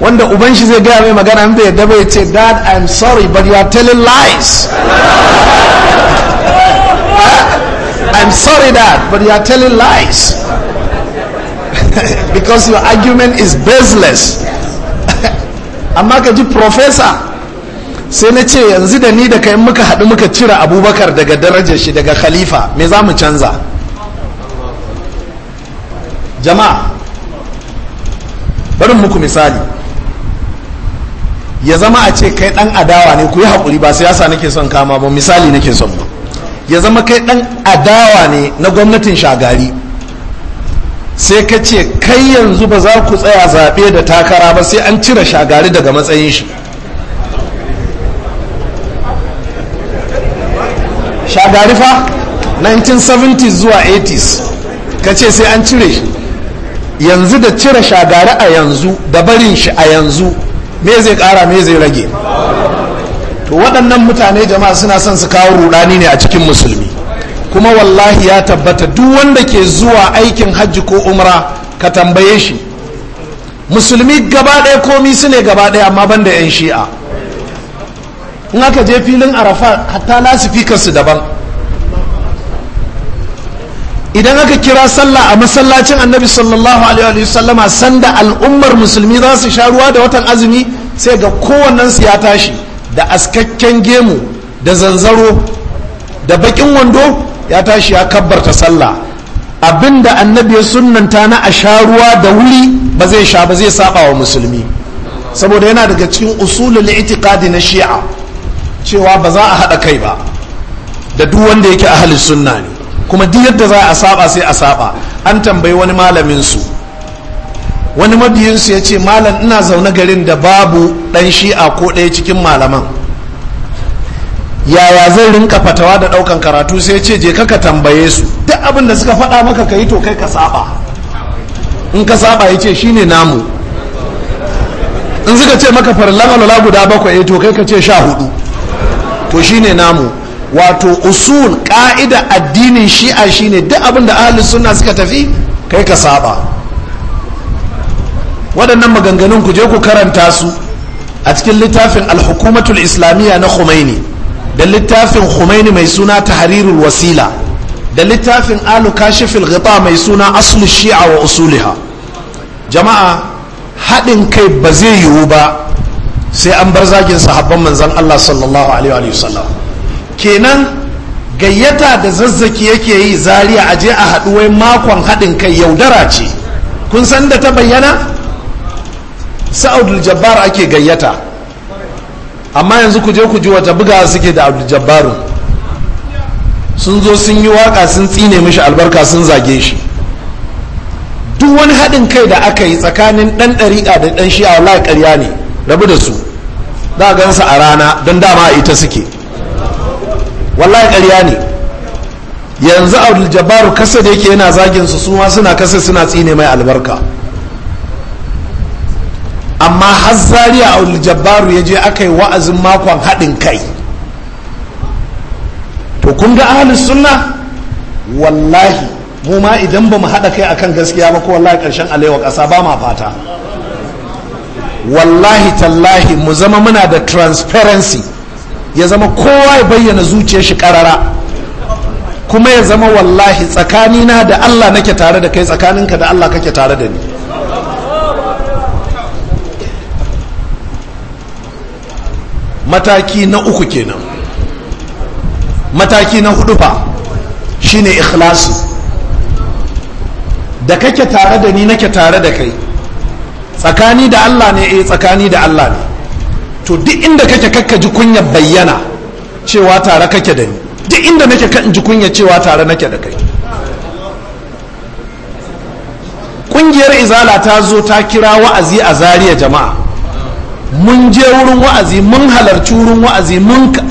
A: wanda uban shi zai gaya mai magana in bai yadda bai ce dad i am sorry but you are telling lies *laughs* i'm sorry dad but you are telling lies *laughs* because your argument is baseless *laughs* amma ka ji professor sai na ce yanzu da ni da kai muka haɗu muka cire abubakar daga darajar shi daga khalifa me za mu canza jama'a barin muku misali ya zama a ce kai dan adawa ne ku yi haƙuri ba siyasa nake son kama ba misali nake son ba ya zama kai dan adawa ne na gwamnatin shagari sai ka ce kai yanzu ba za ku tsaya zaɓe da takara ba sai an cire shagari daga matsayin shi shagari fa 1970s zuwa 80s ka ce sai an cire shi yanzu da cire shagari a yanzu da barin shi a yanzu me zai kara me zai rage to waɗannan mutane jama'a suna son su kawo rudani ne a cikin musulmi kuma wallahi ya tabbata duk wanda ke zuwa aikin hajji ko umra ka tambaye shi musulmi gaba ɗaya komi su ne gaba ɗaya amma ban da 'yan shi'a in aka je filin arafa hatta lasifikarsu daban idan aka kira sallah a masallacin annabi sallallahu alaihi wasallama sanda al'ummar musulmi za su sha ruwa da watan azumi sai ga su ya tashi da askakken gemu da zanzaro da bakin wando ya tashi ya kabbarta sallah abinda annabi ya sunnanta na a sha ruwa da wuri ba zai sha ba zai saba wa musulmi saboda yana daga cikin usulul itiqadi na shi'a cewa ba za a haɗa kai ba da duk wanda yake ahli sunna ne kuma duk yadda za a saba sai a saba an tambayi wani malamin su wani mabiyinsu ya ce malam ina zaune garin da babu dan shi'a ko ɗaya cikin malaman yaya zai rinka fatawa da ɗaukan karatu sai ce je ka tambaye su duk abin da suka faɗa maka ka yi to kai ka saba in ka saba ya ce shine namu in suka ce maka farillan guda bakwai eh, to kai ka ce sha hudu to shine namu wato usul ka'ida addinin shi'a shine duk abin da ahli suna suka tafi kai ka saba waɗannan maganganun ku je ku karanta su a cikin littafin alhukumatul islamiyya na khomeini da littafin khomeini mai suna tahrirul wasila da littafin alu kashifil ghita mai suna aslu shi'a wa usuliha jama'a haɗin kai ba zai yiwu ba sai an bar zagin sahabban manzon Allah sallallahu alaihi wa sallam kenan gayyata da zazzaki yake yi zariya a je a haɗuwai makon haɗin kai yaudara ce kun san da ta bayyana sa'adul jabbar ake gayyata amma yanzu ku je ku ji wata buga suke da abdul jabbaru sun zo sun yi waka sun tsine mishi albarka sun zage shi duk wani haɗin kai da aka yi tsakanin ɗan ɗariƙa da ɗan shi'a wala ƙarya ne rabu da su za a gansa a rana don dama a ita suke wallahi ƙarya ne yanzu abdul jabbaru kasa da yake yana zagin su su suna kasa suna tsine mai albarka amma har zariya abdul jabbaru ya je aka yi wa'azin makon haɗin kai to kun ga ahalus sunna wallahi mu ma idan ba mu haɗa kai akan gaskiya ba ko wallahi ƙarshen alewa ƙasa ba ma fata wallahi tallahi mu zama muna da transparency ya zama kowa ya bayyana zuciyar shi karara kuma ya zama wallahi tsakanina da Allah nake tare da kai tsakaninka da Allah kake tare da ni mataki na uku kenan mataki na hudu fa shine ikhlasu da kake tare da ni nake tare da kai tsakani da Allah ne eh tsakani da Allah ne to duk inda kake kakka ji kunya bayyana cewa tare kake da ni duk inda nake kan ji kunya cewa tare nake da kai kungiyar izala ta zo ta kira wa'azi a zariya jama'a mun je wurin wa'azi mun halarci wurin wa'azi mun ka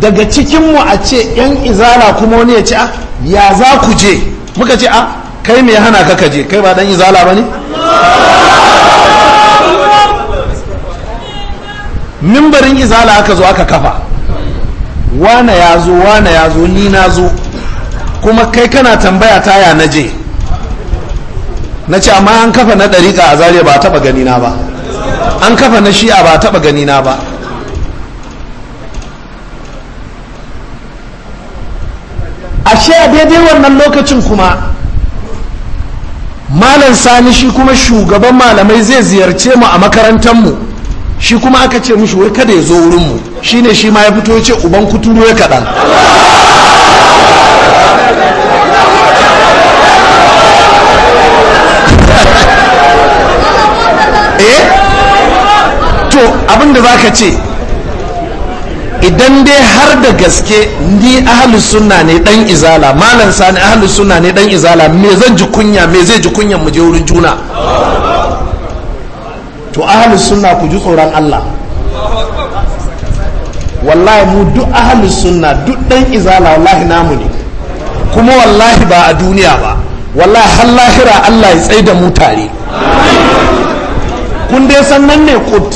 A: daga cikinmu a ce 'yan izala kuma wani ya ce a ya za ku je muka ce a kai mai hana ka je kai ba dan izala ba ne mimbarin izala aka zo aka kafa wane ya zo wane ya zo ni na zo kuma kai kana tambaya taya na je na ce amma an kafa na ɗariƙa a zariya ba a taɓa ganina ba an kafa na shi'a ba a taɓa ganina ba ashe a daidai wannan lokacin kuma malam sani shi kuma shugaban malamai zai ziyarce mu a makarantar mu shi kuma aka ce mushi wai kada ya zo wurinmu shi ne shi ma ya fito ya ce uban kuturu ya kaɗan
B: *laughs* eh to
A: abinda za ka ce idan dai har da gaske ni ahalus sunna ne dan izala malam sani ahalus sunna ne dan izala me zan ji kunya me zai ji kunyan mu je wurin juna to ahalus sunna ku ji tsoron Allah wallahi mu duk ahalus sunna duk dan izala wallahi namu ne kuma wallahi ba a duniya ba wallahi har lahira Allah ya tsaye da mu tare kun dai san nan ne kut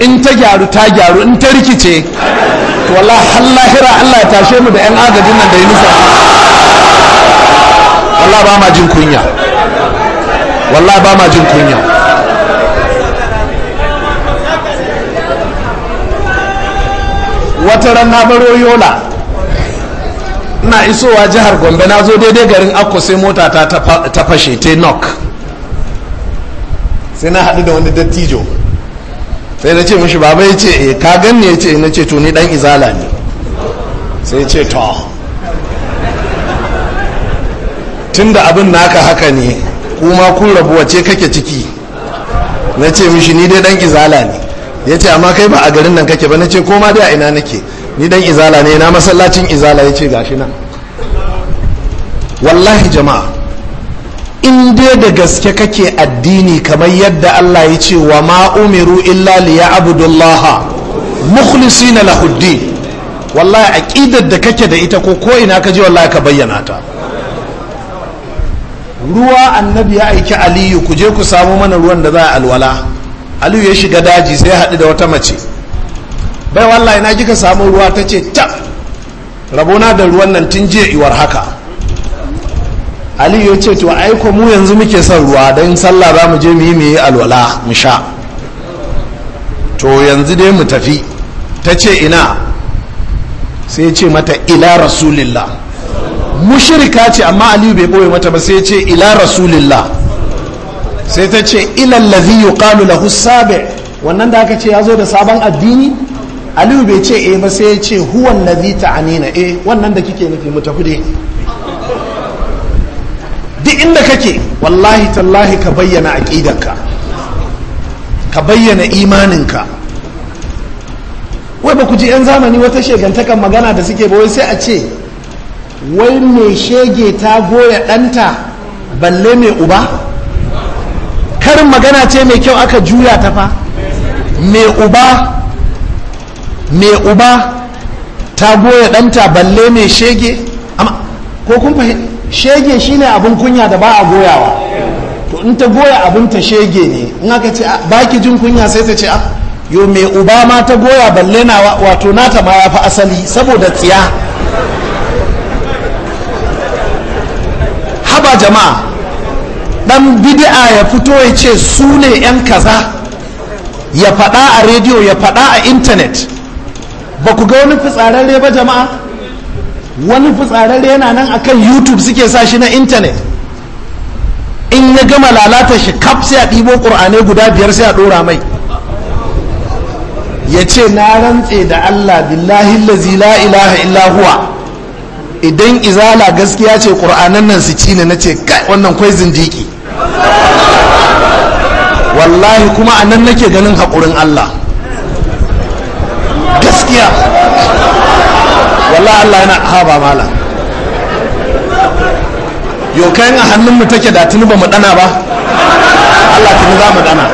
A: in ta gyaru ta gyaru in ta rikice to wallahi har lahira Allah ya tashe mu da yan agajin nan da yi nufa wallahi ba ma jin kunya wallahi ba ma jin kunya wata rana baro yola na isowa jihar gombe na zo daidai garin akko sai mota ta ta fashe ta nok sai na haɗu da wani dattijo sai na ce mishi baba ya ce e ka ganni ya ce na ce to ni dan izala ne sai ya ce to tunda abin naka haka ne kuma kun rabu wace kake ciki na ce mishi ni dai dan izala ne ya ce amma kai ba a garin nan kake ba na ce koma da ina nake ni dan izala ne na masallacin izala ya ce gashi nan wallahi jama'a in dai da gaske kake addini kamar yadda Allah ya ce wa ma umiru illa liya abudullaha mukhlisina lahuddin wallahi aqidar da kake da ita ko ko ina kaje je wallahi ka bayyana ta ruwa annabi ya aiki aliyu ku je ku samu mana ruwan da za a alwala aliyu ya shiga daji sai haɗu da wata mace bai wallahi na kika samu ruwa ta ce ta rabona da ruwan nan tun jiya iwar haka aliyu ya ce to aiko mu yanzu muke son ruwa don sallah za mu je mu yi mu alwala mu sha to yanzu dai mu tafi ta ce ina sai ce mata ila rasulillah mushirika ce amma aliyu bai ɓoye mata ba sai ce ila rasulillah sai ta ce ilal yi kalu lahu sabi wannan da aka ce ya zo da sabon addini aliyu bai ce eh ba sai ya ce huwan ta anina eh wannan da kike nufi mu tafi da duk inda kake wallahi tallahi ka bayyana aƙidanka ka bayyana imaninka wai ba ku ji 'yan zamani wata shegantakan magana da suke ba wai sai a ce wai mai shege ta goya ɗanta balle mai uba karin magana ce mai kyau aka juya ta fa mai uba mai uba ta goya ɗanta balle mai shege ko kun fahim shege shine abin kunya da ba a goyawa to in ta goya abin ta shege ne in aka ce ah, ba ki jin kunya sai ta ce a ah, yo mai uba ma ta goya balle na wato nata ma ya fi asali saboda tsiya haba jama'a ɗan bidi'a ya fito ya ce su ne 'yan kaza ya fada a rediyo ya fada a intanet ba ku ga wani fitsararre ba jama'a wani fitsararre yana nan akan youtube suke sa shi na intanet in ya gama lalata shi kaf sai a ɗibo ƙur'ane guda biyar sai a ɗora mai ya ce na rantse da allah billahi lazi la ilaha illa huwa idan izala gaskiya ce ƙur'anan nan su ci ne na ce wannan kwai zindiki wallahi kuma a nan nake ganin haƙurin Allah gaskiya wallahi Allah yana haba mala yau kayan a hannunmu take da tuni ba mu ba Allah tuni za mu ai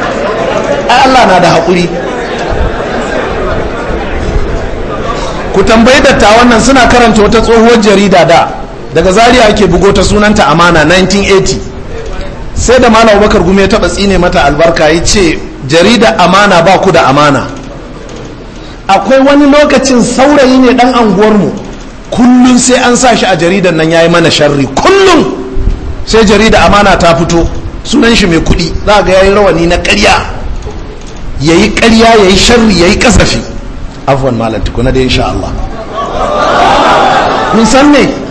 A: Allah na da haƙuri ku tambayi dattawan nan suna karanta wata tsohuwar jarida da daga zaria ake bugo ta sunanta amana 1980 sai da malam bakar gumi ya taba tsine mata albarka ya ce jarida amana ba ku da amana akwai wani lokacin saurayi ne dan anguwarmu kullum sai an sa shi a jaridar nan ya yi mana sharri kullum sai jarida amana ta fito sunan shi mai kudi za ga ya yi rawani na karya ya yi karya ya yi sharri ya yi kasafi afuwan malam tukuna da insha Allah kun san ne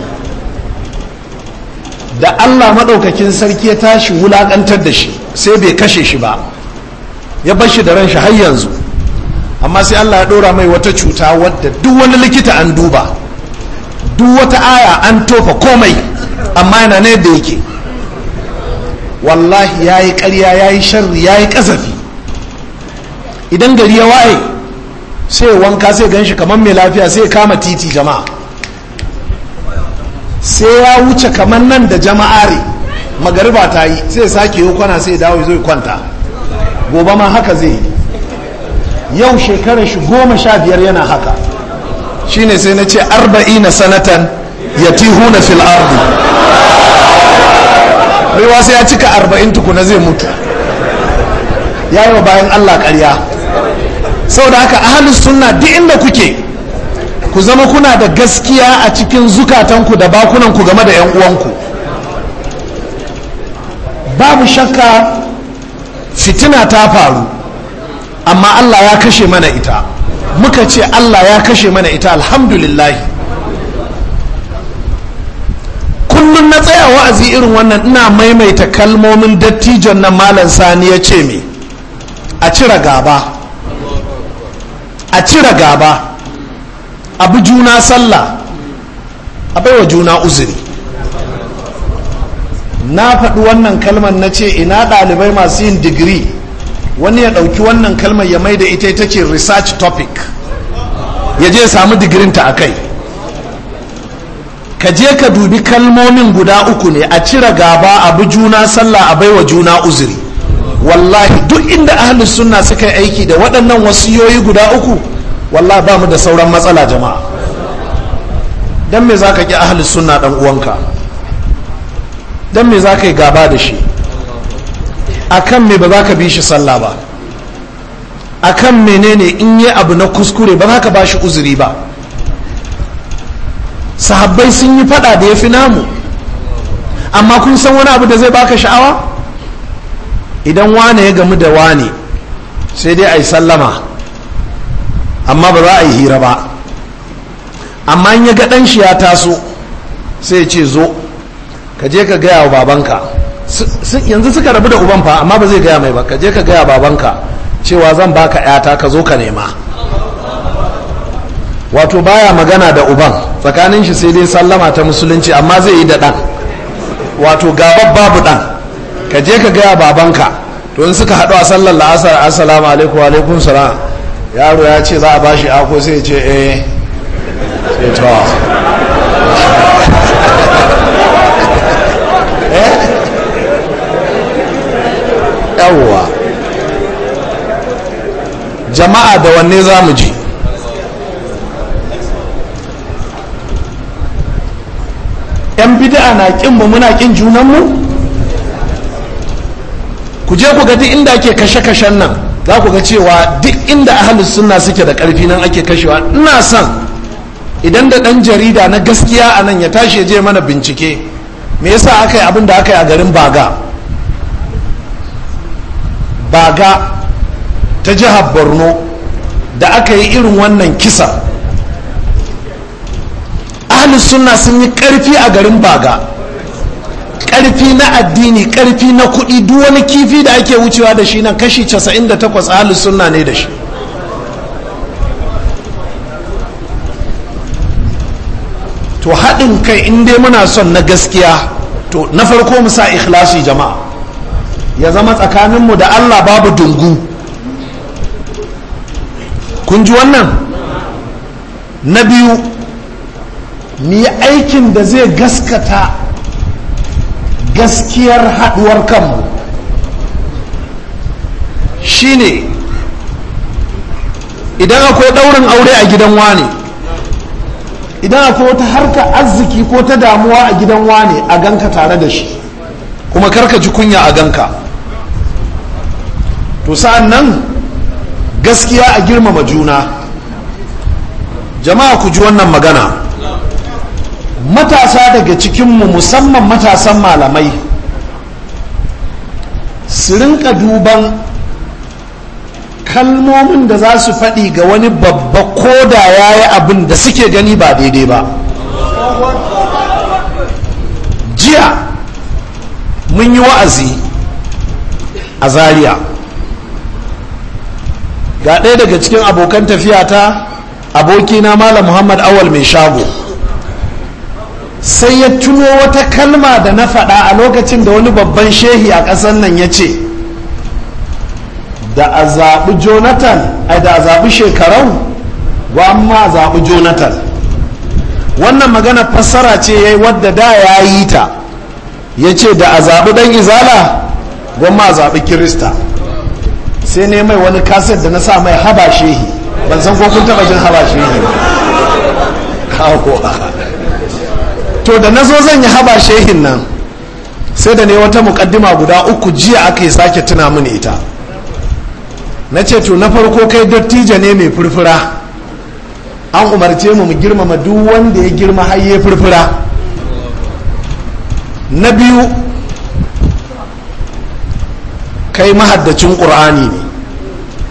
A: da Allah maɗaukakin sarki ya tashi wulaƙantar da shi sai bai kashe shi ba ya bar shi da ran shi har yanzu amma sai Allah ya ɗora mai wata cuta wadda duk wani likita an duba duk wata aya an tofa komai amma yana ne da yake wallahi ya yi ƙarya ya yi sharri ya yi ƙazafi idan gari ya waye sai wanka sai gan shi kamar mai lafiya sai kama titi jama'a sai ya wuce kamar nan da jama'are magariba ta yi sai sake yi kwana sai dawo zai kwanta gobe ma haka zai yi yau shekarar shi goma sha biyar yana haka Shi ne sai na ce arba'i na sanatan ya tihuna fil ardi baiwa sai ya cika arba'in tukuna zai mutu ya yi wa bayan allah karya sau da haka ahalus sunna duk inda kuke ku zama kuna da gaskiya a cikin zukatanku da bakunanku game da 'yan uwanku babu shakka fitina ta faru amma allah ya kashe mana ita muka ce allah ya kashe mana ita alhamdulillahi kullum na tsaya wa'azi irin wannan ina maimaita kalmomin dattijon na malam sani ya ce me a cire gaba a cire gaba abu juna sallah abai wa juna uzuri na faɗi wannan kalmar na ce ina ɗalibai masu yin digiri wani ya ɗauki wannan kalmar ya mai da ita ita ce research topic ya je samu digirinta a kai ka je ka dubi kalmomin guda uku ne a cire gaba abu juna sallah abai wa juna uzuri wallahi duk inda ahalus suna suka yi aiki da waɗannan wasu yoyi guda uku wallahi ba mu da sauran matsala jama'a don me za ka ƙi ahli sunna ɗan uwanka don me za ka yi gaba da shi a kan me ba za ka bi shi sallah ba a kan menene in yi abu na kuskure ba za ba shi uzuri ba sahabbai sun yi fada da ya fi namu amma kun san wani abu da zai baka sha'awa idan wane ya gamu da wane sai dai a yi sallama amma ba za a yi hira ba amma in ya ga ɗan shi ya taso sai ce zo ka je ka gaya wa babanka yanzu suka rabu da uban fa amma ba zai gaya mai ba ka je ka gaya babanka cewa zan baka yata ka zo ka nema wato baya magana da uban tsakanin shi sai dai sallama ta musulunci amma zai yi da ɗan wato gabar babu ɗan ka je ka gaya babanka to in suka haɗu a sallar la'asar assalamu alaikum alaikum salam yaro ya ce za a ba shi ako sai ce eh sai to ah. *laughs* eh? yawwa jama'a da wanne za mu ji yan bid'a na mu muna ƙin junanmu ku je ku ga duk inda ke kashe-kashen nan za ku ga cewa duk inda ahalus sunna suke da karfi nan ake kashewa ina son idan da dan jarida na gaskiya a nan ya tashi je mana bincike me yasa aka yi abin da aka yi a garin baga baga ta jihar borno da aka yi irin wannan kisa ahalus sunna sun yi karfi a garin baga ƙarfi na addini ƙarfi na kuɗi duk wani kifi da ake wucewa da shi nan kashi 98 ahalus sunna ne da shi to haɗin kai in dai muna son na gaskiya to na farko mu sa ikhlasi jama'a ya zama tsakaninmu da allah babu dungu kun ji wannan na biyu Ni aikin da zai gaskata gaskiyar haɗuwar kanmu shine idan akwai ɗaurin aure a gidan wane idan akwai wata harka arziki ko ta damuwa a gidan wane a ganka tare da shi kuma karka ji kunya a ganka to sa'an nan gaskiya a girmama juna jama'a ku ji wannan magana matasa daga cikinmu musamman matasan malamai su rinka duban kalmomin da za su faɗi ga wani babba ko da ya yi abin da suke gani ba daidai ba jiya mun yi wa'azi a Zariya. ga ɗaya daga cikin abokan tafiya ta abokina malam muhammad awal mai shago sai ya tuno wata kalma da na faɗa a lokacin da wani babban shehi a ƙasar nan ya ce da a zaɓi jonathan a da a zaɓi shekarau gwamma a zaɓi jonathan wannan magana fassara ce ya yi wadda da ya yi ta ya ce da a zaɓi ɗan izala gwamma a zaɓi kirista sai ne mai wani kaset da na sa mai haba shehi ban san ko kun taɓa jin haba shehi ba to da nazo zan yi haba shehin nan sai da ne wata mukaddima guda uku jiya aka yi sake tuna mini ita na ce to na farko kai dattijo ne mai furfura an umarce mu mu girmama duk wanda ya girma har ya furfura na biyu kai mahaddacin ƙur'ani ne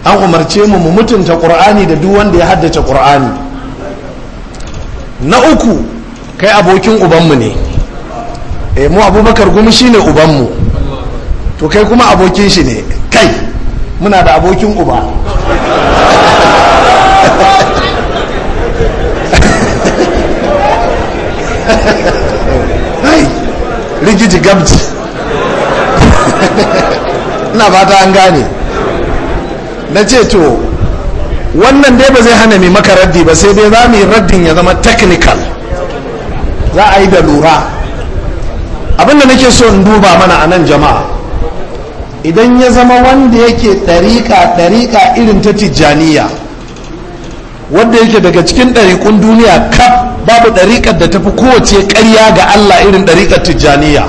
A: an umarce mu mu mutunta ƙur'ani da duk wanda ya haddace ƙur'ani na uku kai abokin ubanmu ne e mu abubakar gumi shi ne ubanmu to kai kuma abokin shi ne kai muna da abokin uba *laughs* rigidi gabji *laughs* ina fata an gane na ce to wannan dai ba zai hana mai maka raddi ba sai dai za mu yi raddin ya zama technical za a yi da lura abinda nake so in duba mana a nan jama'a idan ya zama wanda yake ɗariƙa ɗariƙa irin ta tijjaniya wanda yake daga cikin ɗariƙun duniya kaf babu ɗariƙar da ta fi kowace ƙarya ga allah irin ɗariƙar tijjaniya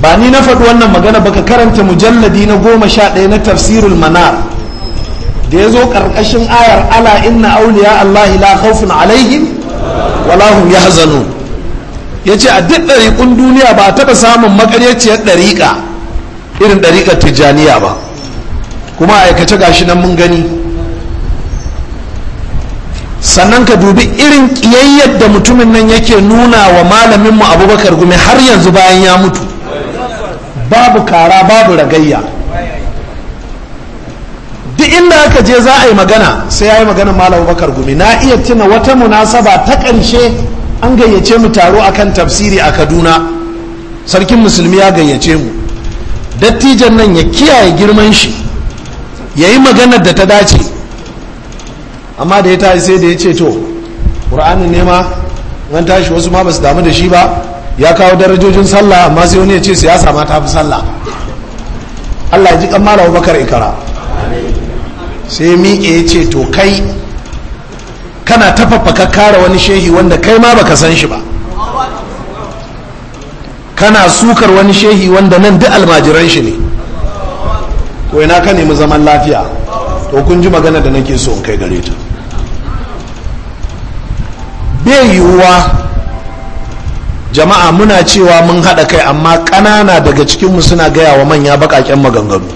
A: ba ni na faɗi wannan magana baka karanta mujalladi na goma sha ɗaya na tafsirul manar da ya zo ƙarƙashin ayar ala inna auliya allahi la khawfun alaihim walahum ya hazanu ya ce a duk ɗariƙun duniya ba a taɓa samun makaryaciyar ɗariƙa irin ɗariƙar tijjaniya ba kuma a aikace gashi nan mun gani sannan ka dubi irin ƙiyayyar da mutumin nan yake nuna wa malamin mu abubakar gumi har yanzu bayan ya mutu babu kara babu ragayya inda aka je za a yi magana sai ya yi magana malam bakar gumi na iya tuna wata munasaba ta ƙarshe an gayyace mu taro a kan tafsiri a kaduna sarkin musulmi ya gayyace mu dattijan nan ya kiyaye girman shi ya yi maganar da ta dace amma da ya tashi sai da ya ce to ƙur'anin nema an tashi wasu ma ba su damu da shi ba ya kawo darajojin sallah amma sai wani ya ce siyasa ma ta fi sallah allah ya ji kan malam bakar ikara sai miƙe ya ce to kai kana tafafa kara wani shehi wanda kai ma baka san shi ba kana sukar wani shehi wanda nan duk almajiran shi ne ko ina ka nemi zaman lafiya to kun ji magana da nake so in kai gare ta bai yiwuwa jama'a muna cewa mun haɗa kai amma ƙanana daga cikinmu suna gaya wa manya baƙaƙen maganganu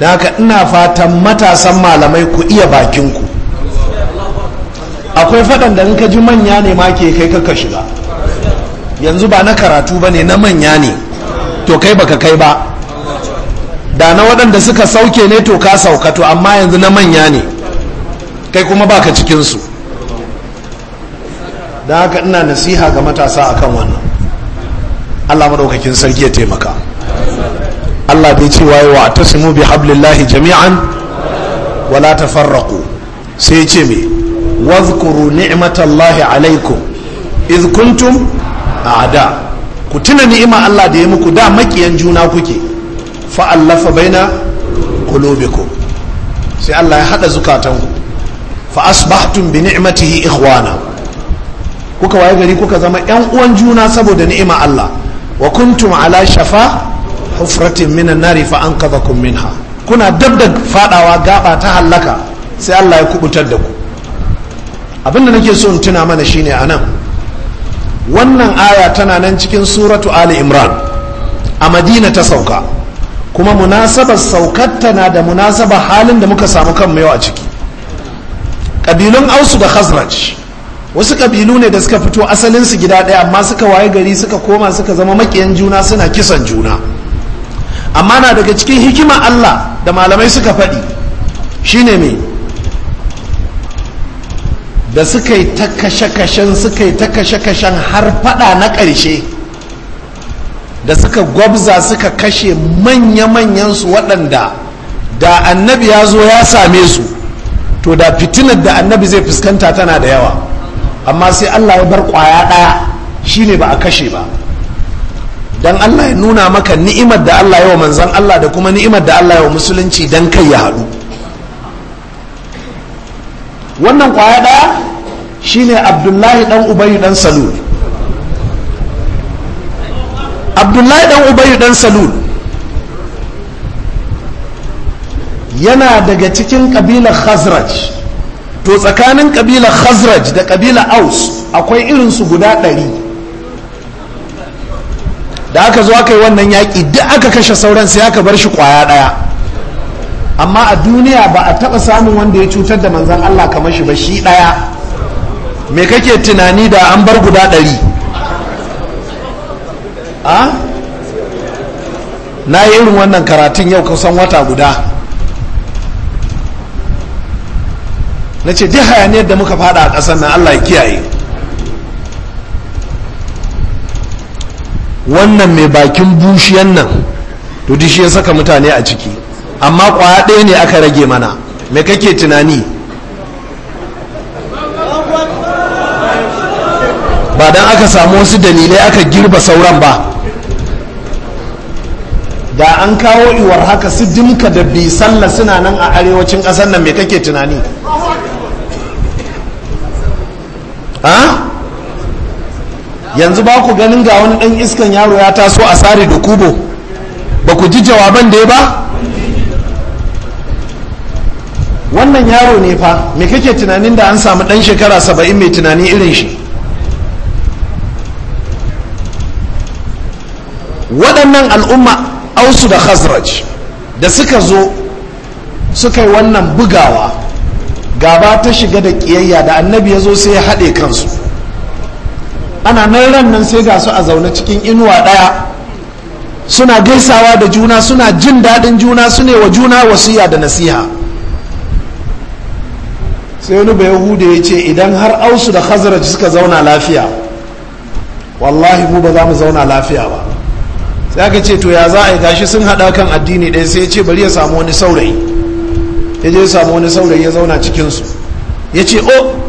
A: da haka ina fatan matasan malamai ku iya bakinku akwai faɗan da in ka ji manya ne ma ke kai kaka shiga yanzu ba na karatu ba ne na manya ne to kai baka kai ba da na waɗanda suka sauke ne to ka sauka to amma yanzu na manya ne kai kuma baka cikinsu da haka ina nasiha ga matasa akan wannan allah maɗaukakin sarki ya taimaka Allah bai ce waye wa tasimu bi hablillahi jami'an wala tafarraqu sai ce me wadhkuru ni'matallahi alaikum iz kuntum a'da ku tuna ni'ima Allah da ya muku da makiyan juna kuke fa allafa baina qulubikum sai Allah ya hada zukatanku fa asbahtum bi ni'matihi ikhwana kuka waye gari kuka zama yan uwan juna saboda ni'ima Allah wa kuntum ala shafa hufratin minan nari fa an kun minha kuna dab da fadawa gaba ta hallaka sai Allah ya kubutar da ku abinda nake so in tuna mana shine anan wannan aya tana nan cikin suratu ali imran a madina ta sauka kuma munasabar saukar tana da munasabar halin da muka samu kanmu yau a ciki ƙabilun ausu da khazraj wasu ƙabilu ne da suka fito asalinsu gida ɗaya amma suka waye gari suka koma suka zama makiyan juna suna kisan juna amma na daga cikin hikima Allah da malamai suka faɗi shine mai da suka yi ta kashe-kashen suka yi ta kashe-kashen har faɗa na ƙarshe da suka gwabza suka kashe manya-manyan su waɗanda da annabi ya zo ya same su to da fitinar da annabi zai fuskanta tana da yawa amma sai Allah ya bar ƙwaya ɗaya shine ba a kashe ba don Allah ya nuna maka ni'imar da Allah yawa manzan Allah da kuma ni'imar da Allah yawa musulunci don kai ya haɗu wannan kwaya ɗaya shine abdullahi ɗan ubayu ɗan salul abdullahi ɗan ubayu ɗan salul yana daga cikin ƙabilar khazraj to tsakanin ƙabilar khazraj da ƙabilar aus akwai irinsu guda ɗari da aka zo aka yi wannan yaƙi duk aka kashe sauran sai aka bar shi kwaya ɗaya amma a duniya ba a taɓa samun wanda ya cutar da manzan Allah kamar shi ba shi ɗaya me kake tunani da an bar guda ɗari a na yi irin wannan karatun yau kusan wata guda na ce duk hayaniyar da muka fada a ƙasar nan Allah ya kiyaye wannan mai bakin bushiyan nan to duk shi ya saka mutane a ciki amma kwaya ɗaya ne aka rage mana me kake tunani ba dan aka samu wasu dalilai aka girba sauran ba da an kawo iwar haka su dimka da bi sallah suna nan a arewacin ƙasar nan mai kake tunani ha? Ah? yanzu ba ku ganin ga wani ɗan iskan yaro ya taso a sare da kubo ba ku ji jawaban da ya ba wannan yaro ne fa me kake tunanin da an samu ɗan shekara saba'in mai tunani irin shi waɗannan al'umma ausu da khazraj da suka zo suka yi wannan bugawa gaba ta shiga da ƙiyayya da annabi ya zo sai ya haɗe kansu ana nan ran nan sai ga su a zaune cikin inuwa ɗaya suna gaisawa da juna suna jin daɗin juna su ne wa juna wasiya da nasiha sai wani bai da ya ce idan har ausu da khazaraj suka zauna lafiya wallahi mu ba za mu zauna lafiya ba sai aka ce to ya za a yi gashi sun haɗa kan addini ɗaya sai ya ce bari ya samu wani saurayi ya je ya samu wani saurayi ya zauna cikinsu ya ce o oh,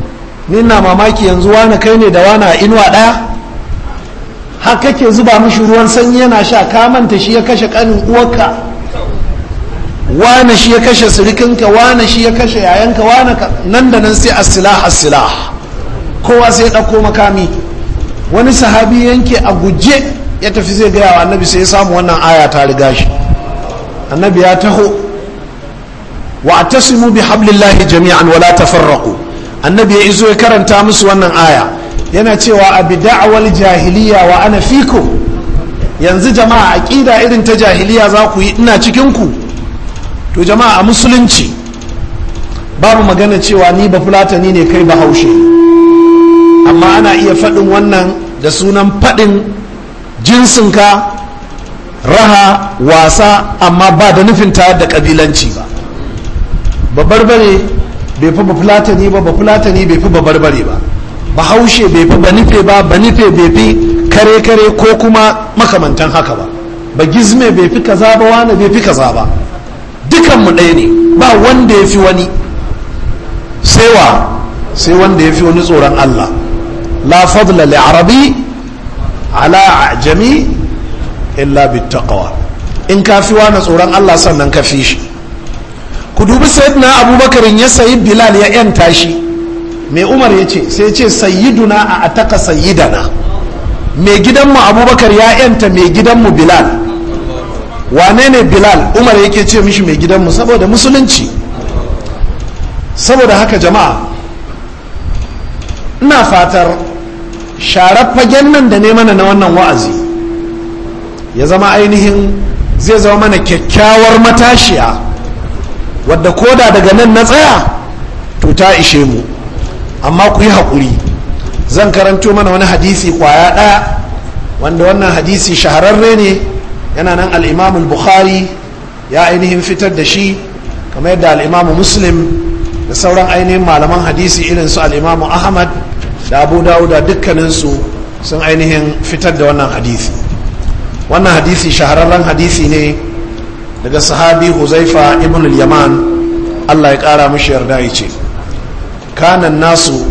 A: ni na mamaki yanzu wani kai ne da wane a inuwa ɗaya haka ke zuba mishi ruwan sanyi yana sha ka manta shi ya kashe kanin uwarka wani shi ya kashe sirikinka wani shi ya kashe yayanka wani nan da nan sai asila asila kowa sai ya ɗauko makami wani sahabi yanke a guje ya tafi zai gaya wa annabi sai ya samu wannan aya ta riga shi annabi ya taho wa tasimu bi hablillahi jami'an wala tafarraqu annabi ya iso ya karanta musu wannan aya yana cewa a bida'awar jahiliya wa ana fiko yanzu jama'a ƙida irin ta jahiliya za ku yi ina cikinku to jama'a a musulunci babu magana cewa ni ba fulatani ne kai ba haushe amma ana iya faɗin wannan da sunan faɗin jinsinka raha wasa amma ba da nufin ta da ƙabilanci ba babbar bane bai fi bafulatani ba bafulatani bai fi babarbare ba bahaushe bai fi banife ba banife bai fi kare-kare ko kuma makamantan haka ba ba gizme bai fi kaza ba wani bai fi kaza ba dukanmu ɗaya ne ba wanda ya fi wani sai wa sai wanda ya fi wani tsoron Allah la fadla li arabi ala ajami illa bittaqwa in ka fi wani tsoron Allah sannan ka fi shi ku dubi sayyidina abubakar ya sayi bilal ya yanta shi mai umar ya ce sai ya ce sayyiduna a ataka sayyidana mai gidanmu abubakar ya yanta mai gidanmu bilal wane ne bilal umar yake ce mishi mai gidanmu saboda musulunci saboda haka jama'a ina fatar sharar fagen nan da ne mana na wannan wa'azi ya zama ainihin zai zama mana kyakkyawar matashiya wadda koda daga nan na tsaya to ta ishe mu amma ku yi haƙuri zan karanto mana wani hadisi kwaya ɗaya wanda wannan hadisi shahararre ne yana nan al'imamul bukhari ya ainihin fitar da shi kamar yadda al'imamu muslim da sauran ainihin malaman hadisi irinsu al'imamu ahmad da abu dawuda dukkaninsu sun ainihin fitar da wannan hadisi wannan hadisi shahararren hadisi ne daga sahabi huzaifa ibn al-yaman allah ya kara mashi yarda ya ce kanan nasu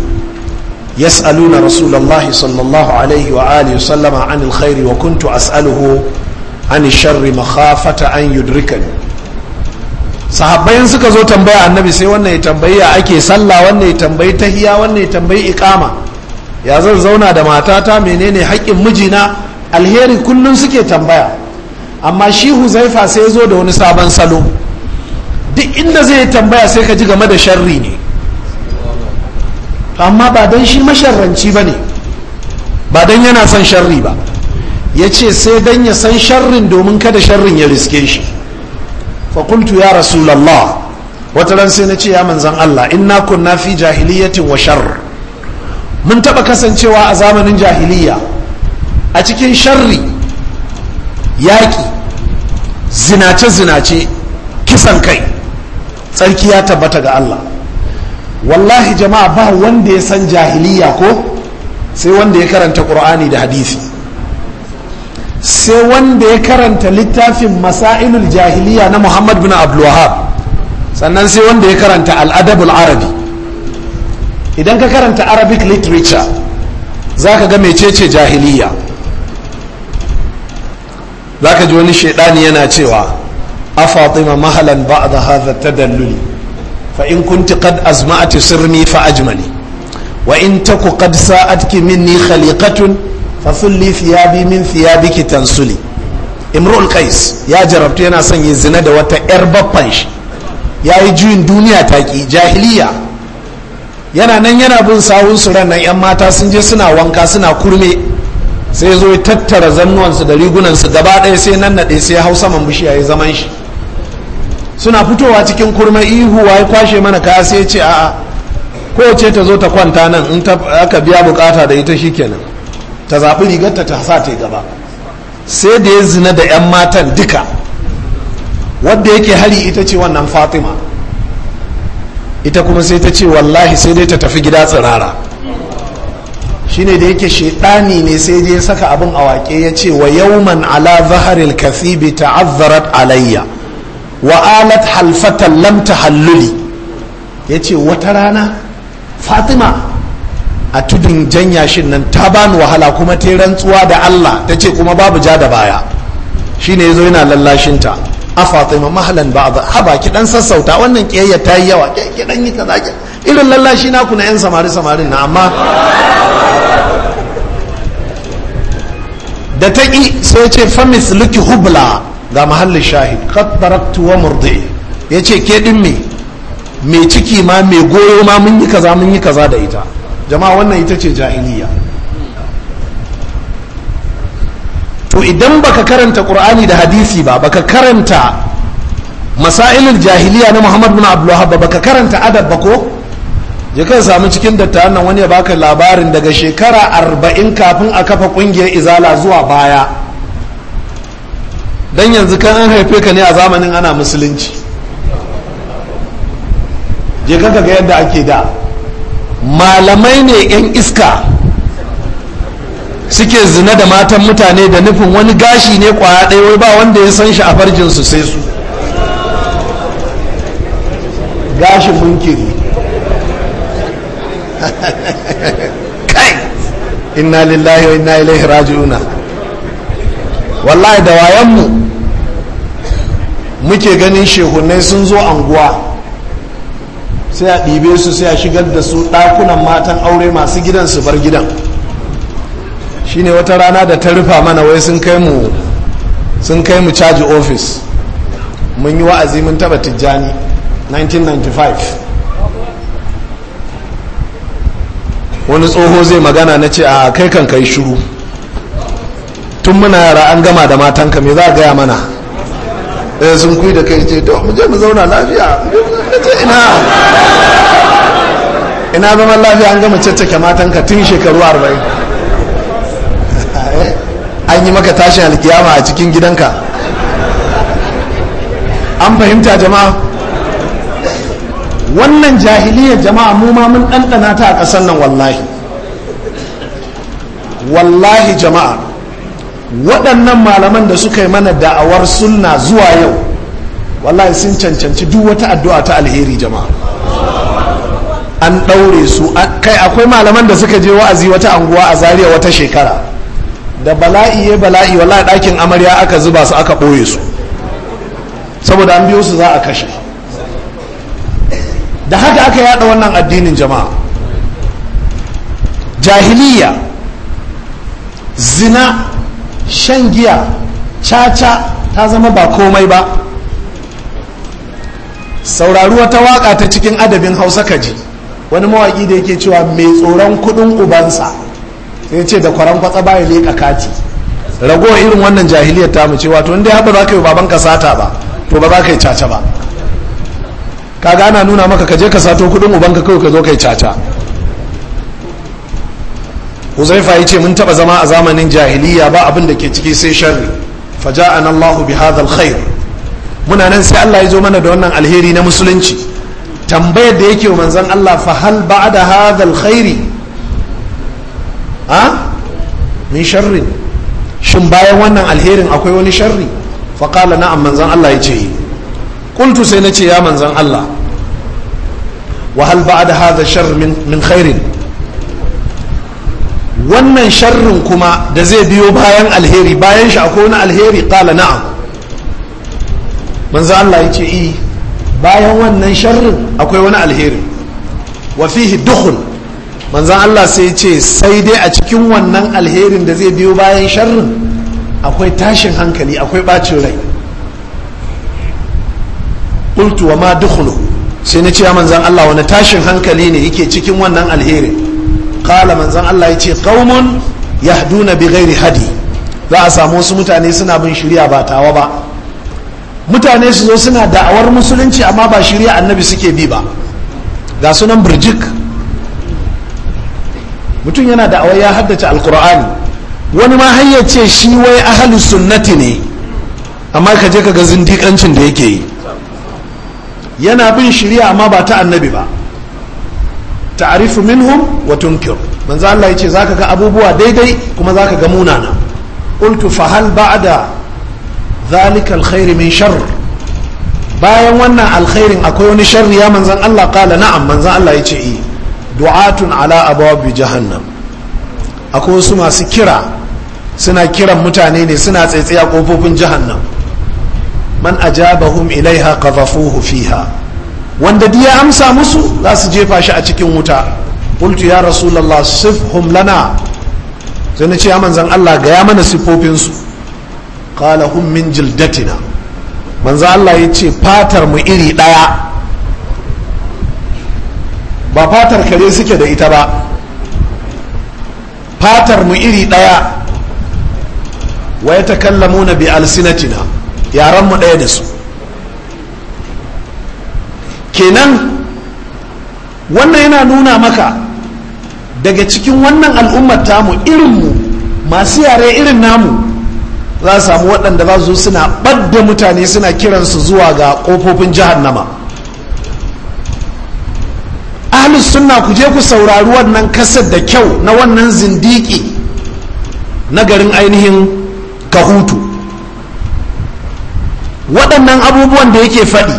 A: yas'aluna rasulallahi sallallahu alaihi wa alihi sallama an alkhairi wa kuntu as'aluhu an sharri makhafata an yudrikani sahabbayin suka zo tambaya annabi sai wannan ya tambayi ya ake sallah wannan ya tambayi tahiya wannan ya tambayi ikama ya zan zauna da matata menene haƙƙin mijina alheri kullum suke tambaya amma shi huzaifa sai zo da wani sabon salo duk inda zai tambaya sai ka ji game da sharri ne amma ba don shi masharranci ba ne ba don yana son sharri ba ya ce sai don ya san sharrin domin kada sharrin ya riske shi fakultu ya rasu rasulallah wata ran sai na ce ya manzan Allah in inna kunna fi jahiliyatin wa shar mun taɓa kasancewa a zamanin jahiliya a cikin sharri yaƙi zinace-zinace kisan kai tsarki ya tabbata ga Allah wallahi jama'a ba wanda ya san jahiliya ko sai wanda ya karanta ƙur'ani da hadisi sai wanda ya karanta littafin masailul jahiliya na muhammad bin abdulwahab sannan sai wanda ya karanta al'adabul arabi idan ka karanta arabic literature za ka ga mecece jahiliya za ka ji wani shaidani yana cewa a fatima mahalan ba da haza ta dalluli fa in kunti qad azma'ati sirmi fa ajmali wa in ta ku taku qad sa'atki minni khaliqatun fa sulli thiyabi min ki tansuli imrul qais ya jarabtu yana son ya zina da wata yar baffan shi ya yi juyin duniya ta taki jahiliya yana nan yana bin sawun su nan yan mata sun je suna wanka suna kurme sai zo ya tattara zannuwansu da rigunansu gaba ɗaya sai nan naɗe sai hau saman bishiya ya zaman shi suna fitowa cikin kurma ihu wa ya kwashe mana kaya sai ce a'a ce ta zo ta kwanta nan in aka biya bukata da ita shi kenan. ta zaɓi rigarta ta sa ta gaba sai da ya zina da 'yan matan duka wadda yake hari ita ce wannan fatima ita kuma sai ta ce wallahi sai dai ta tafi gida tsirara shine da yake shaidani ne sai je saka abin a waƙe ya ce wa yawman ala zaharil kathibi ta'azzarat alayya wa alat halfatan lam tahalluli ya ce wata rana fatima a tudun janya shin nan ta bani wahala kuma ta rantsuwa da allah ta ce kuma babu ja da baya shine ya zo yana lallashinta a fatima mahalan ba a ba ki dan sassauta wannan kiyayya ta yi yawa ki dan yi kaza irin lallashi na na 'yan samari samari na amma da ta ƙi sai ce famis luki hubla ga mahallin shahid kattaraktu wa murdi ya ce ke ɗin me mai ciki ma mai goyo ma mun yi kaza mun yi kaza da ita jama'a wannan ita ce jahiliya to idan baka karanta qur'ani da hadisi ba baka karanta masailin jahiliya na Muhammadu na bin ba baka karanta adab ba ko je ka samu cikin dattawan nan wani ya baka labarin daga shekara arba'in kafin a kafa kungiyar izala zuwa baya don yanzu kan an haife ka ne a zamanin ana musulunci je ka ga yadda ake da malamai ne 'yan iska suke zina da matan mutane da nufin wani gashi ne kwaya ɗaya wai ba wanda ya san shi a farjinsu sai su gashin munkiri *laughs* kai inna lillahi wa inna ilaihi raji'una wallahi da wayanmu muke ganin shehunai sun zo anguwa sai a ɗibe su sai a shigar da su ɗakunan matan aure masu gidan su bar gidan shine wata rana da ta rufa mana wai sun kai mu sun kai mu caji ofis mun yi wa'azi mun taba tijjani 1995 wani tsoho zai magana na ce a kai kan kai shiru tun muna yara an gama da matanka me za a gaya mana ɗaya eh, sun kuyi da kai ce to mu je mu zauna lafiya ina ina zama lafiya an gama caccake matanka tun shekaru arba'in *laughs* an yi maka tashin alkiyama a cikin gidanka an fahimta jama'a wannan jahiliyar jama'a mu ma mun ɗanɗana ta a ƙasar nan wallahi wallahi jama'a waɗannan malaman da suka yi mana da'awar sunna zuwa yau wallahi sun cancanci duk wata addu'a ta alheri jama'a an ɗaure su kai akwai malaman da suka je wa'azi wata anguwa a zariya wata shekara da bala'i ya bala'i wallahi ɗakin amarya aka zuba su aka ɓoye su saboda an biyo su za a kashe da haka aka yada wannan addinin jama'a jahiliya zina shan giya caca ta zama ba komai ba saurari wata waka ta cikin adabin hausa kaji wani mawaki da yake cewa mai tsoron kudin ubansa sai ce da kwaran kwatsa baya leƙa kati ragowa irin wannan jahiliyar tamu ce wato inda ya haɓa za ka yi baban sata ba to ba za ka yi caca ba kaga ana nuna maka ka je ka sato kudin ubanka kawai ka zo kai caca huzaifa ya ce mun taba zama a zamanin jahiliya ba abin da ke ciki sai sharri faja'an Allahu bi hadha alkhair muna nan sai Allah ya zo mana da wannan alheri na musulunci tambayar da yake manzon Allah fa hal ba'da hadha alkhairi ha min sharrin shin bayan wannan alherin akwai wani sharri fa qala na'am manzon Allah ya ce qultu sai na ce ya manzon Allah wa hal da hadha sharr min min khairin wannan sharrin kuma da zai biyo bayan alheri bayan shi akwai wani alheri kala na'am manzon Allah yace i bayan wannan sharrin akwai wani alheri wa fihi dukhul manzan Allah sai ce sai dai a cikin wannan alherin da zai biyo bayan sharrin akwai tashin hankali akwai ɓacin rai qultu wa ma dukhulu sai na ce ya manzan Allah wani tashin hankali ne yake cikin wannan alheri qala manzan Allah yace qaumun yahduna bi ghairi hadi za a samu wasu mutane suna bin shirya ba tawa ba mutane su zo suna da'awar musulunci amma ba shirya annabi suke bi ba ga sunan birjik mutum yana da'awar ya haddace alkur'ani wani ma hanyar ce shi wai ahalus sunnati ne amma ka je ka ga zindikancin da yake yi yana bin shirya amma ba ta annabi ba ta'arifu minhum wa tunkir manzo Allah yace zaka ga abubuwa daidai kuma zaka ga munana qultu fa hal ba'da zalika alkhair min sharr bayan wannan alkhairin akwai wani sharri ya manzon Allah kala na'am manzon Allah yace eh du'atun ala abwabi jahannam akwai wasu masu kira suna kiran mutane ne suna tsaitsaya kofofin jahannam man ajabahum ilaiha qadhafuhu fiha wanda duk ya amsa musu za su jefa shi a cikin wuta qultu ya rasulullah sifhum lana sai na ce ya manzan Allah ga ya mana sifofin su qala hum min jildatina manzan Allah ya ce fatar mu iri daya ba fatar kare suke da ita ba fatar mu iri daya wa yatakallamuna bi alsinatina yaran mu ɗaya da su kenan wannan yana nuna maka daga cikin wannan al'ummar tamu irinmu masu yare irin namu za su samu waɗanda za su suna ɓadda mutane suna kiransu zuwa ga ƙofofin jahannama ahlus sunna ku je ku saurari wannan kasar da kyau na wannan zindiki na garin ainihin kahutu waɗannan abubuwan da yake faɗi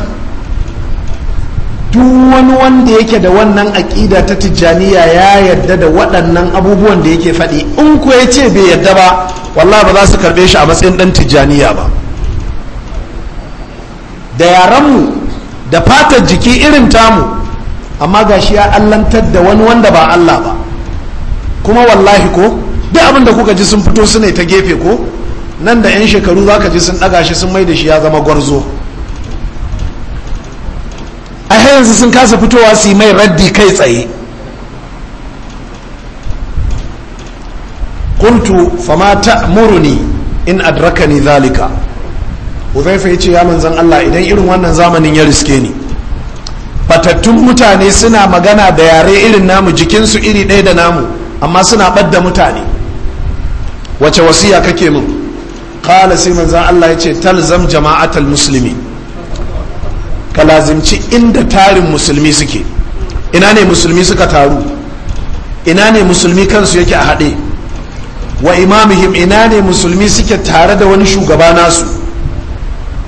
A: duk wani wanda yake da wannan aƙida ta tijjaniya ya yarda da waɗannan abubuwan da yake faɗi in ku ya ce bai yarda ba wala ba za su karɓe shi a matsayin ɗan tijjaniya ba da yaranmu da fatar jiki irin tamu amma ga shi ya allantar da wani wanda ba Allah ba kuma wallahi ko duk abin da kuka ji sun fito su ne ta gefe ko nan da 'yan shekaru za ka ji sun ɗaga shi sun mai da shi ya zama gwarzo a yanzu sun kasa fitowa su yi mai raddi kai tsaye kuntu fama ta muruni in adrakani zalika uzaifa ya ce ya manzan allah idan irin wannan zamanin ya riske ni batattun mutane suna magana da yare irin namu jikinsu iri ɗaya da namu amma suna ɓadda mutane wace wasiya kake mun kala sai manzan Allah ya ce talzam jama'atal musulmi ka lazimci inda tarin musulmi suke ina ne musulmi suka taru ina ne musulmi kansu yake a haɗe wa imamihim ina ne musulmi suke tare da wani shugaba nasu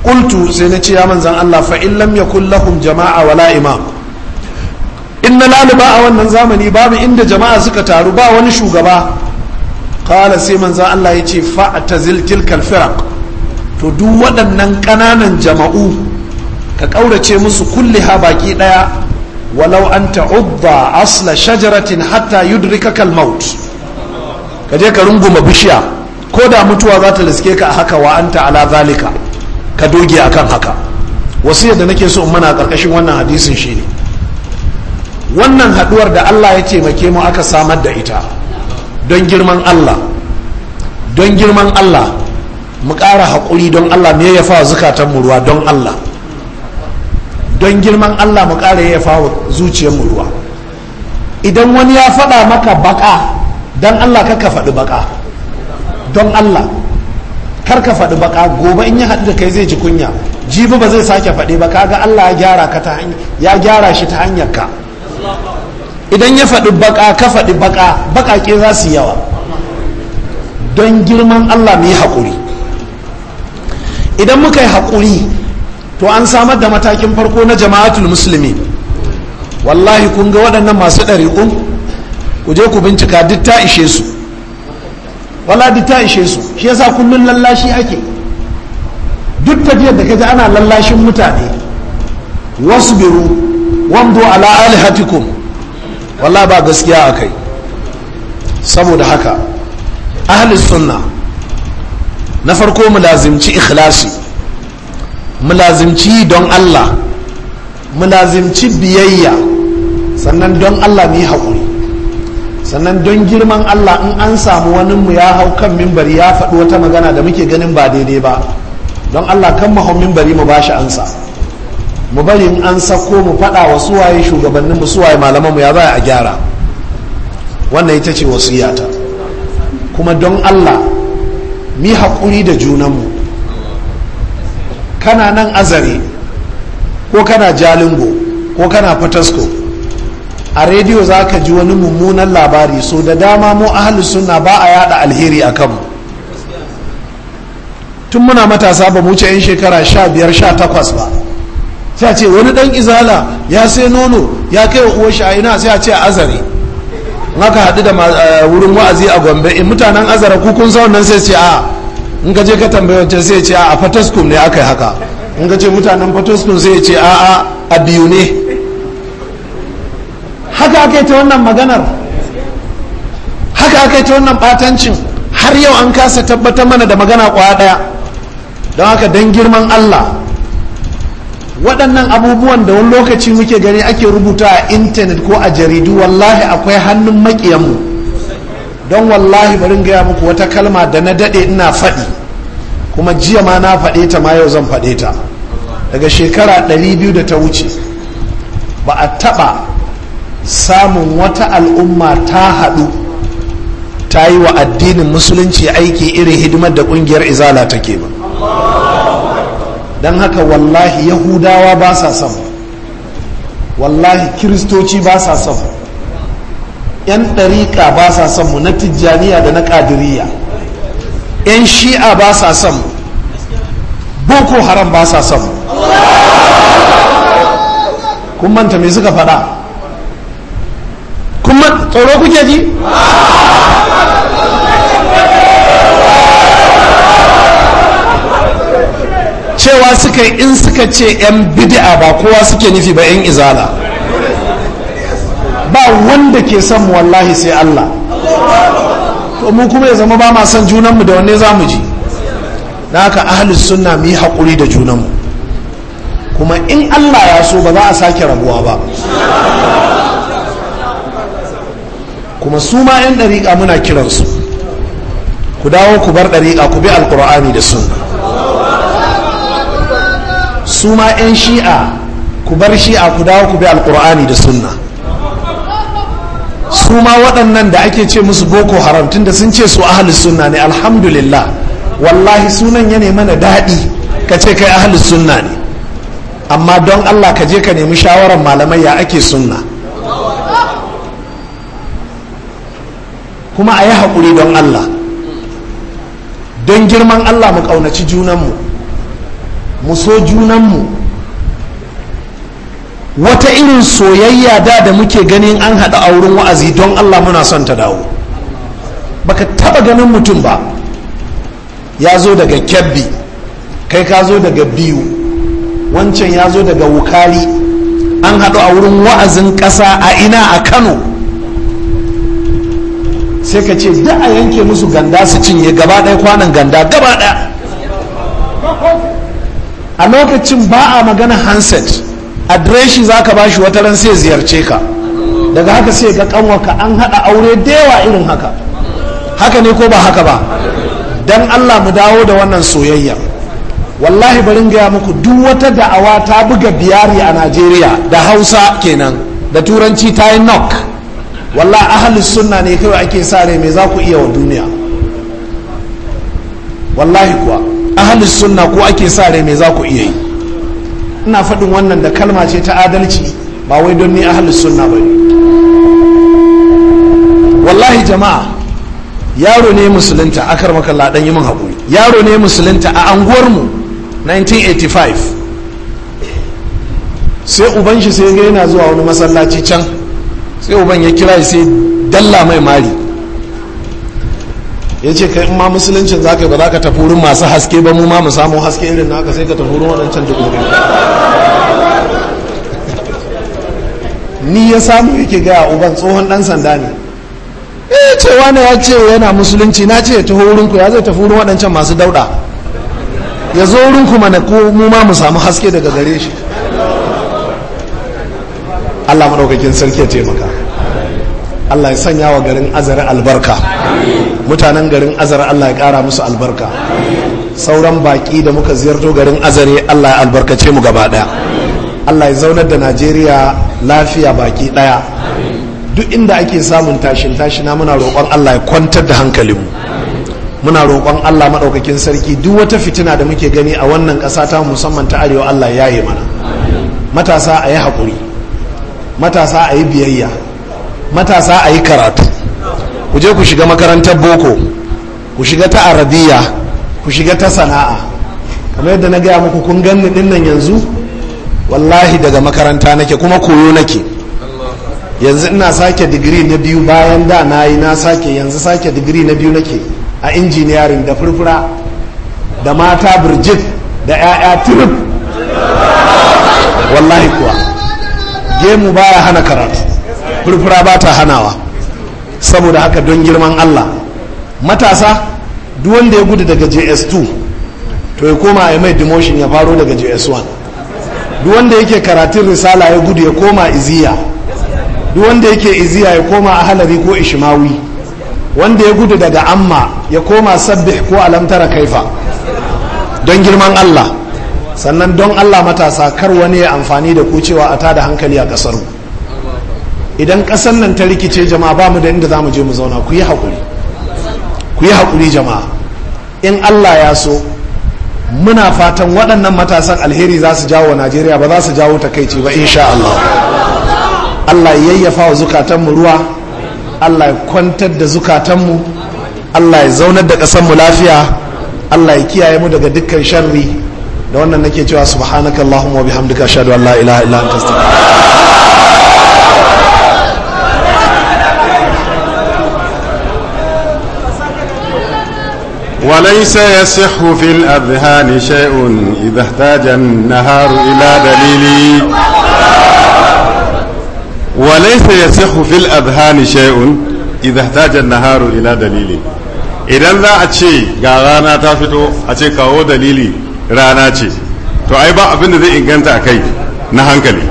A: Kultu sai na ce ya manzan Allah fa in lam kulla lahum jama'a wala imam in na laluba a wannan zamani babu inda jama'a suka taru ba wani shugaba qala sai manzon Allah ya ce fa'tazil tilkal firaq to duk waɗannan ƙananan jama'u ka ƙaurace musu kulliha baki ɗaya walau an ta'udda asla shajaratin hatta yudrikaka al-maut ka je ka runguma bishiya ko da mutuwa za ta riske ka a haka wa anta ala zalika ka doge akan haka wasiyar da nake so in mana karkashin wannan hadisin shine wannan haduwar da Allah ya taimake mu aka samar da ita don girman allah don girman allah mu ƙara haƙuri don allah me ya fawa zukatan ruwa don allah don girman allah mu ƙara ya fawa zuciyarmu ruwa idan wani ya faɗa maka baka don allah ka faɗi baka don allah kar ka faɗi baka gobe in ya haɗu da kai zai ji kunya jibi ba zai sake faɗi ba kaga allah ya gyara shi ta hanyar ka idan ya faɗi baka ka faɗi baƙa bakake za su yawa don girman allah mu yi haƙuri idan muka yi haƙuri to an samar da matakin farko na jama'atul musulmi wallahi kun ga waɗannan masu ɗariƙun ku je ku bincika duk ta ishe su wala duk ta ishe su shi yasa kullum lallashi ake duk tafiyar da kaji ana lallashin mutane wasu wasbiru wando ala alihatikum wallah ba gaskiya a kai saboda haka ahli sunna na farko mu lazimci ikhlasi mu lazimci don Allah mu biyayya sannan don Allah mu haƙuri sannan don girman Allah in an samu wani mu ya hau kan mimbari ya faɗi wata magana da muke ganin ba daidai ba don Allah kan mahau mimbari mu ba shi ansa mu bari in an sako mu faɗa wa suwaye shugabannin mu suwaye malaman mu ya za a gyara wannan ita ce wasiyata kuma don Allah mi hakuri da junanmu kana nan azare ko kana jalingo ko kana fatasko a rediyo za ka ji wani mummunan labari so da dama mu ahalus suna ba a yada alheri a kanmu tun muna matasa ba mu wuce 'yan shekara 15-18 ba sai a ce wani dan izala ya sai nono ya kai wa uwashi a ina sai a ce a azare in ka haɗu da eh, wurin wa'azi a gombe in eh, mutanen azara kukun kun nan sai ce a in ka je ka tambaye wancan sai ce a a ne aka yi haka in ka ce mutanen fataskun sai ce a a a biyu ne haka aka yi ta wannan maganar haka aka yi ta wannan batancin har yau an kasa tabbatar mana da magana kwaya daya don haka don girman allah waɗannan abubuwan da wani lokaci muke gani ake rubuta a intanet ko a jaridu wallahi akwai hannun makiyanmu don wallahi bari gaya muku wata kalma da na daɗe ina faɗi kuma jiya ma na faɗe ta ma yau zan faɗe ta daga shekara 200 da ta wuce ba a taɓa samun wata al'umma ta haɗu ta yi wa addinin musulunci aiki irin hidimar da ƙungiyar izala take ba don haka wallahi yahudawa ba sa son wallahi kiristoci ba sa son yan ɗariƙa ba sa son na tijjaniya da na ƙadiriya yan shi'a ba sa son boko haram ba sa son mu kun manta me suka faɗa kuma tsoro kuke ji cewa suka in suka ce 'yan bid'a ba kowa suke nufi ba 'yan izala ba wanda ke son mu wallahi sai Allah To mu kuma ya zama ba ma son junanmu da wanne za mu ji da haka ahalus sunna mu yi haƙuri da junanmu kuma in Allah ya so ba za a sake rabuwa ba kuma su ma 'yan ɗariƙa muna kiransu ku dawo ku bar ɗariƙa ku bi alƙur'ani da sunna su ma 'yan shi'a ku bar shi'a ku dawo ku bi alkur'ani da sunna su ma waɗannan da ake ce musu boko haram tun da sun ce su ahalus sunna ne alhamdulillah wallahi sunan ya nema na daɗi ka ce kai ahalus sunna ne amma don allah ka je ka nemi shawarar malamai ya ake sunna kuma a yi haƙuri don allah don girman allah mu ƙaunaci junanmu mu so mu wata irin soyayya da da muke ganin an haɗa a wa'azi don allah muna son ta dawo baka taba ganin mutum ba ya zo daga kyabbi kai ka zo daga biyu wancan ya zo daga wukari an haɗu a wurin wa'azin ƙasa a ina a kano sai ka ce da a yanke musu ganda su cinye gaba ɗaya kwanan ganda gaba ɗaya a lokacin ba a magana handset adireshi za ka bashi wata ran sai ziyarce ka daga haka sai ga kanwaka an haɗa aure da irin haka haka ne ko ba haka ba don allah mu dawo da wannan soyayya wallahi barin gaya muku duk wata da'awa ta buga biyari a najeriya da hausa kenan da turanci ta yi nok wallahi ahalus sunna ne kawai ake sa rai mai za ku iya wa duniya wallahi kuwa ahalus sunna ko ake sa rai mai za ku iya yi ina faɗin wannan da kalma ce ta adalci ba wai don ni ahalus sunna ba wallahi jama'a yaro ne musulunta a makalla dan yi min haƙuri yaro ne musulunta a anguwarmu 1985 sai uban shi sai ga yana zuwa wani masallaci can sai uban ya kira sai dalla mai mari ya ce kai ma musuluncin za ka yi ba za ka tafi masu haske ba mu ma mu samu haske irin na sai ka tafi wurin waɗancan jikokin ni ya samu yake gaya uban tsohon ɗan sanda ne eh cewa na ya ce yana musulunci na ce ya taho wurinku ya zai tafi wurin waɗancan masu dauɗa ya zo wurinku mana ko mu ma mu samu haske daga gare shi Allah maɗaukakin sarki ya taimaka Allah ya sanya wa garin azar albarka mutanen garin azar Allah ya kara musu albarka sauran baƙi da muka ziyarto garin azare Allah ya albarkace mu gaba ɗaya Allah ya zaunar da Najeriya lafiya baki ɗaya duk inda ake samun tashin na muna roƙon Allah ya kwantar da hankalinmu muna roƙon Allah maɗaukakin sarki duk wata fitina da muke gani a wannan ƙasa ta musamman ta arewa Allah ya yi mana matasa a yi haƙuri matasa a yi biyayya matasa a yi karatu ku je ku shiga makarantar boko ku shiga ta arabiya ku shiga ta sana'a kamar yadda na gaya muku kun ganni din nan yanzu wallahi daga makaranta nake kuma koyo nake yanzu ina sake digiri na biyu bayan da na yi na sake yanzu sake digiri na biyu nake a injiniyarin da furfura da mata birjit da 'ya'ya turub wallahi kuwa gemu baya hana karatu furfura ba ta hanawa saboda haka don girman allah matasa duk wanda ya gudu daga js2 to ya koma a mai demotion ya faro daga js1 duk wanda yake karatun risala ya gudu ya koma iziya duk wanda yake iziya ya koma a halari ko ishimawi wanda ya gudu daga amma ya koma sabbih ko alamtara kaifa don girman allah sannan don allah matasa kar wani ya amfani da kucewa a tada hankali a kasaru. idan ƙasan nan ta rikice jama'a ba mu da inda za mu je mu zauna ku yi haƙuri ku yi haƙuri jama'a in allah ya so muna fatan waɗannan matasan alheri za su jawo najeriya ba za su jawo ta takaici ba insha allah allah ya yayyafa wa zukatanmu ruwa allah ya kwantar da zukatanmu allah ya zaunar da ƙasanmu lafiya allah ya kiyaye mu daga dukkan sharri da wannan nake cewa subhanakallahumma wa bihamdika ashhadu an la ilaha illa anta astaghfiruka
C: وليس يصح في الأذهان شيء إذا احتاج النهار إلى دليل وليس يصح في الأذهان شيء إذا احتاج النهار إلى دليل idan za a ce ga rana ta fito a ce kawo dalili rana ce to ai ba abinda zai inganta a kai na hankali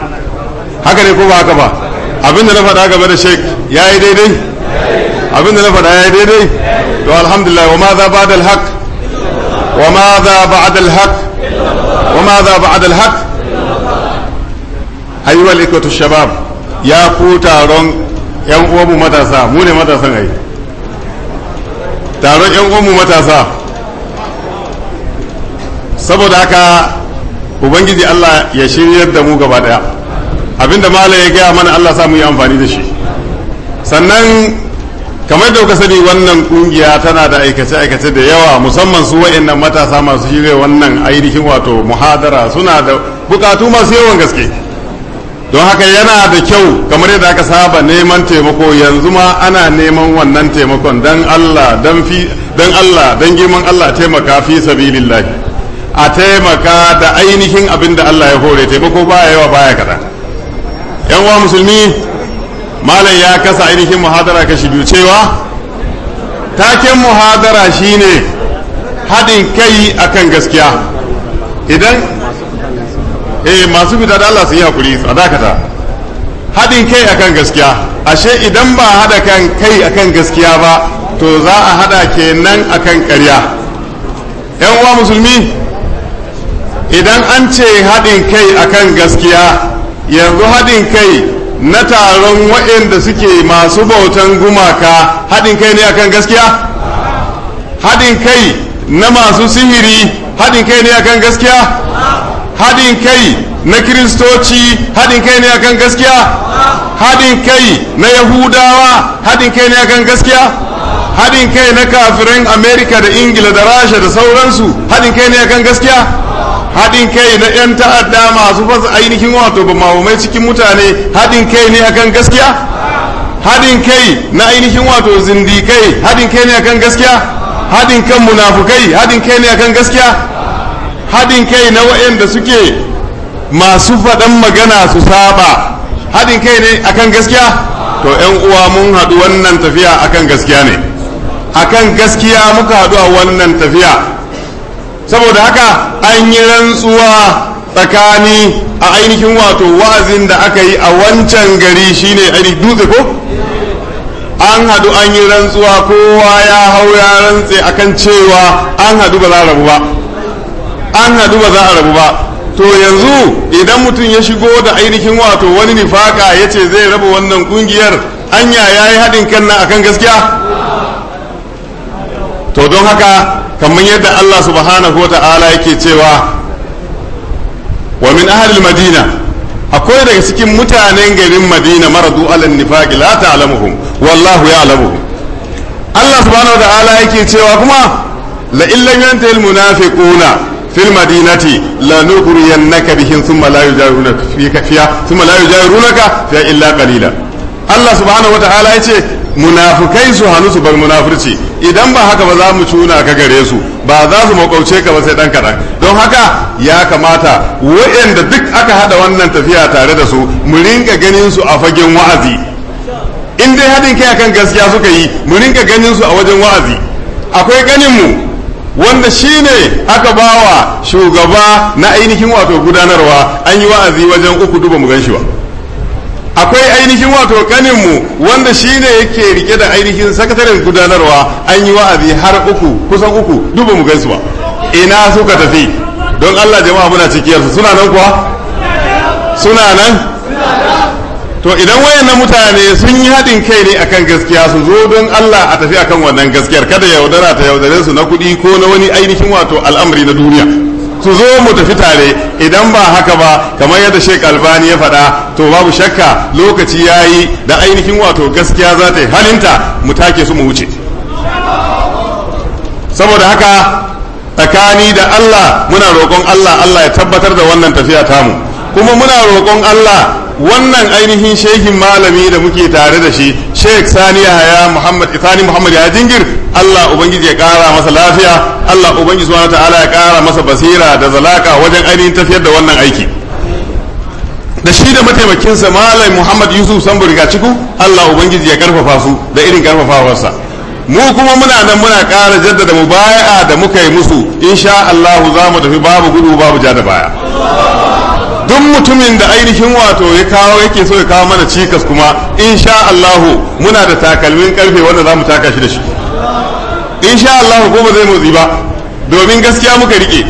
C: haka ne ko ba haka ba abinda na faɗa game da sheik ya yi daidai abin da na faɗa ya daidai to alhamdulillah wa ma za ba da alhaq wa ma za ba da alhaq wa ma za ba da alhaq ayyuwa ikwatu shabab ya ku taron yan uwanmu matasa mu ne matasan ai taron yan uwanmu matasa saboda haka ubangiji Allah ya shiryar da mu gaba daya abinda malaye ya gaya mana Allah samu yi amfani da shi sannan kamar da kuka sani wannan kungiya tana da aikace-aikace da yawa musamman su wa'annan matasa masu shirye wannan ainihin wato muhadara suna da bukatu masu yawan gaske don haka yana da kyau kamar yadda aka saba neman taimako yanzu ma ana neman wannan taimakon don allah don fi don allah don girman allah taimaka fi sabilillah a taimaka da ainihin abin da allah ya hore taimako baya yawa baya kaɗan yan wa musulmi malam ya kasa ainihin muhadara kashi biyu cewa taken muhadara shine haɗin kai akan gaskiya idan eh masu fita da Allah su yi hakuri a dakata haɗin kai akan gaskiya ashe idan ba haɗa kan kai akan gaskiya ba to za a haɗa kenan akan ƙarya yan uwa musulmi idan an ce haɗin kai akan gaskiya yanzu haɗin kai na taron waɗanda suke masu bautan gumaka haɗin kai ne akan gaskiya haɗin kai na masu sihiri haɗin kai ne akan gaskiya haɗin kai na kiristoci haɗin kai ne akan gaskiya haɗin kai na yahudawa haɗin kai ne akan gaskiya haɗin kai na kafiran amerika da ingila da rasha da sauransu haɗin kai ne akan gaskiya haɗin kai na 'yan ta'adda masu fasa ainihin wato ba mawamai cikin mutane haɗin kai ne akan gaskiya haɗin kai na ainihin wato zindikai haɗin kai ne akan gaskiya haɗin kan munafukai haɗin kai ne akan gaskiya haɗin kai na waɗanda suke masu faɗan magana su saba haɗin kai ne akan gaskiya to 'yan uwa mun haɗu wannan tafiya akan gaskiya ne akan gaskiya muka haɗu a wannan tafiya saboda haka an yi rantsuwa tsakani a ainihin wato wa'azin da aka yi a wancan gari shine ainihin dutse ko an hadu an yi rantsuwa kowa ya hau ya rantse akan cewa an hadu ba za a rabu ba an hadu ba za a rabu ba to yanzu idan mutum ya shigo da ainihin wato wani nifaka ya ce zai raba wannan kungiyar anya ya yi haɗin kan nan akan gaskiya to don haka kamar yadda Allah subhanahu wata'ala yake cewa wa min ahlil madina akwai daga cikin mutanen garin madina maradu alal nifaqi la ta'lamuhum wallahu ya'lamuhum Allah subhanahu wata'ala yake cewa kuma la illam yantahil munafiquna في المدينة لا نغرينك بهم munafukai su hannu su bar munafurci idan ba haka ba za mu cuna ka gare su ba za su makwauce ka ba sai dan kaɗan don haka ya kamata waɗanda duk aka haɗa wannan tafiya tare da su mu rinka ganin su a fagen wa'azi in dai haɗin kai akan gaskiya suka yi mu rinka ganin su a wajen wa'azi akwai ganin mu wanda shine aka bawa shugaba na ainihin wato gudanarwa an yi wa'azi wajen uku duba mu gan shi ba akwai ainihin wato kaninmu wanda shine ne yake rike da ainihin sakataren gudanarwa an yi wa'azi har uku kusan uku duba mu gaisuwa ina suka tafi don allah jama'a muna cikiyarsu suna nan kuwa suna nan to idan wayannan mutane sun yi haɗin kai ne akan gaskiya su zo don allah a tafi akan wannan gaskiyar kada yaudara ta yaudare su na kuɗi ko na wani ainihin wato al'amari na duniya su zo mu tafi tare idan ba haka ba kamar yadda shek Albani ya faɗa to babu shakka lokaci ya yi da ainihin wato gaskiya za ta yi halinta mu take su mu wuce saboda haka tsakani da Allah muna roƙon Allah Allah ya tabbatar da wannan tafiya tamu kuma muna roƙon Allah wannan ainihin shehin malami da muke tare da shi shek sani ya muhammad sani muhammad ya jingir Allah ubangiji ya ƙara masa lafiya Allah ubangiji subhanahu ta'ala ya ƙara masa basira da zalaka wajen ainihin tafiyar da wannan aiki da shi da mataimakinsa malam Muhammad Yusuf Samburi ga ciku Allah ubangiji ya karfafa su da irin karfafawarsa mu kuma muna nan muna ƙara jaddada mu baya da muka yi musu insha Allah za mu tafi babu gudu babu ja da baya duk mutumin da ainihin wato ya kawo yake so ya kawo mana cikas kuma insha Allah muna da takalmin karfe wanda za mu taka shi da shi insha Allah ko ba zai motsi ba domin gaskiya muka rike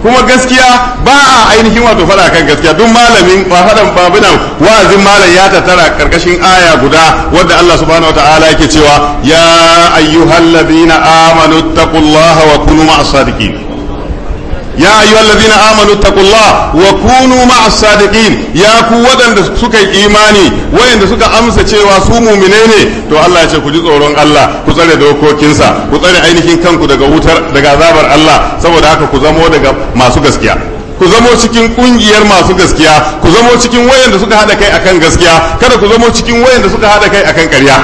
C: kuma gaskiya ba a ainihin wato fada kan gaskiya duk malamin ba fadan babunan wa'azin malam ya tattara karkashin aya guda wadda Allah subhanahu wataala yake cewa ya ayyuhallazina amanu taqullaha wa kunu ma'as sadiqin ya ayyuhal ladina amanu taqullah wa kunu ma'as sadiqin ya ku wadanda suka yi imani wayanda suka amsa cewa su mu'mine ne to Allah ya ce ku ji tsoron Allah ku tsare dokokinsa ku tsare ainihin kanku daga wutar daga azabar Allah saboda haka ku zamo daga masu gaskiya ku zamo cikin kungiyar masu gaskiya ku zamo cikin wayanda suka hada kai akan gaskiya kada ku zamo cikin wayanda suka hada kai akan karya.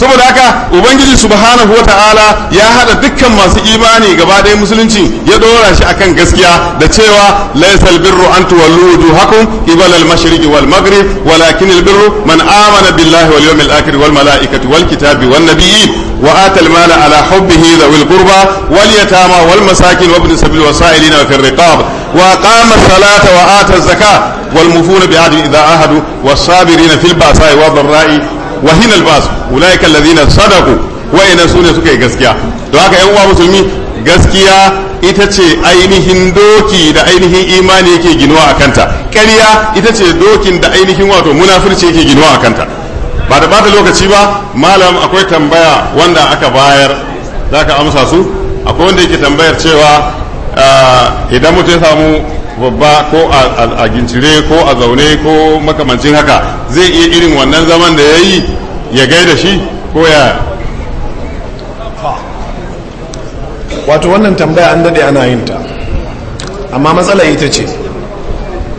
C: saboda haka ubangiji subhanahu wata'ala ya hada dukkan masu imani gaba ɗaya musulunci ya dora shi akan gaskiya da cewa laisal birru an tuwallu wujuhakum qibala al-mashriqi wal maghrib walakin al-birru man amana billahi wal yawmil akhir wal malaikati wal kitabi wan nabiyyin وآتى المال على حبه ذوي القربى واليتامى والمساكين وابن السبيل والسائلين وفي الرقاب وأقام الصلاة وآتى الزكاة والمفون بعهد إذا عهدوا والصابرين في البأساء والضراء wa hinal bas ulaika sadaku sadaqu ina sune suka yi gaskiya to haka yan uwa musulmi gaskiya ita ce ainihin doki da ainihin imani yake ginuwa a kanta ƙarya ita ce dokin da ainihin wato munafurci yake ginuwa a kanta ba da bata lokaci ba malam akwai tambaya wanda aka bayar za ka amsa su akwai wanda yake tambayar cewa idan mutum ya samu babba ko a gincire ko a zaune ko makamancin haka zai iya irin wannan zaman da ya yi ya gaida shi ko ya
A: wato wannan tambaya an daɗe ana yin ta amma matsala ita ce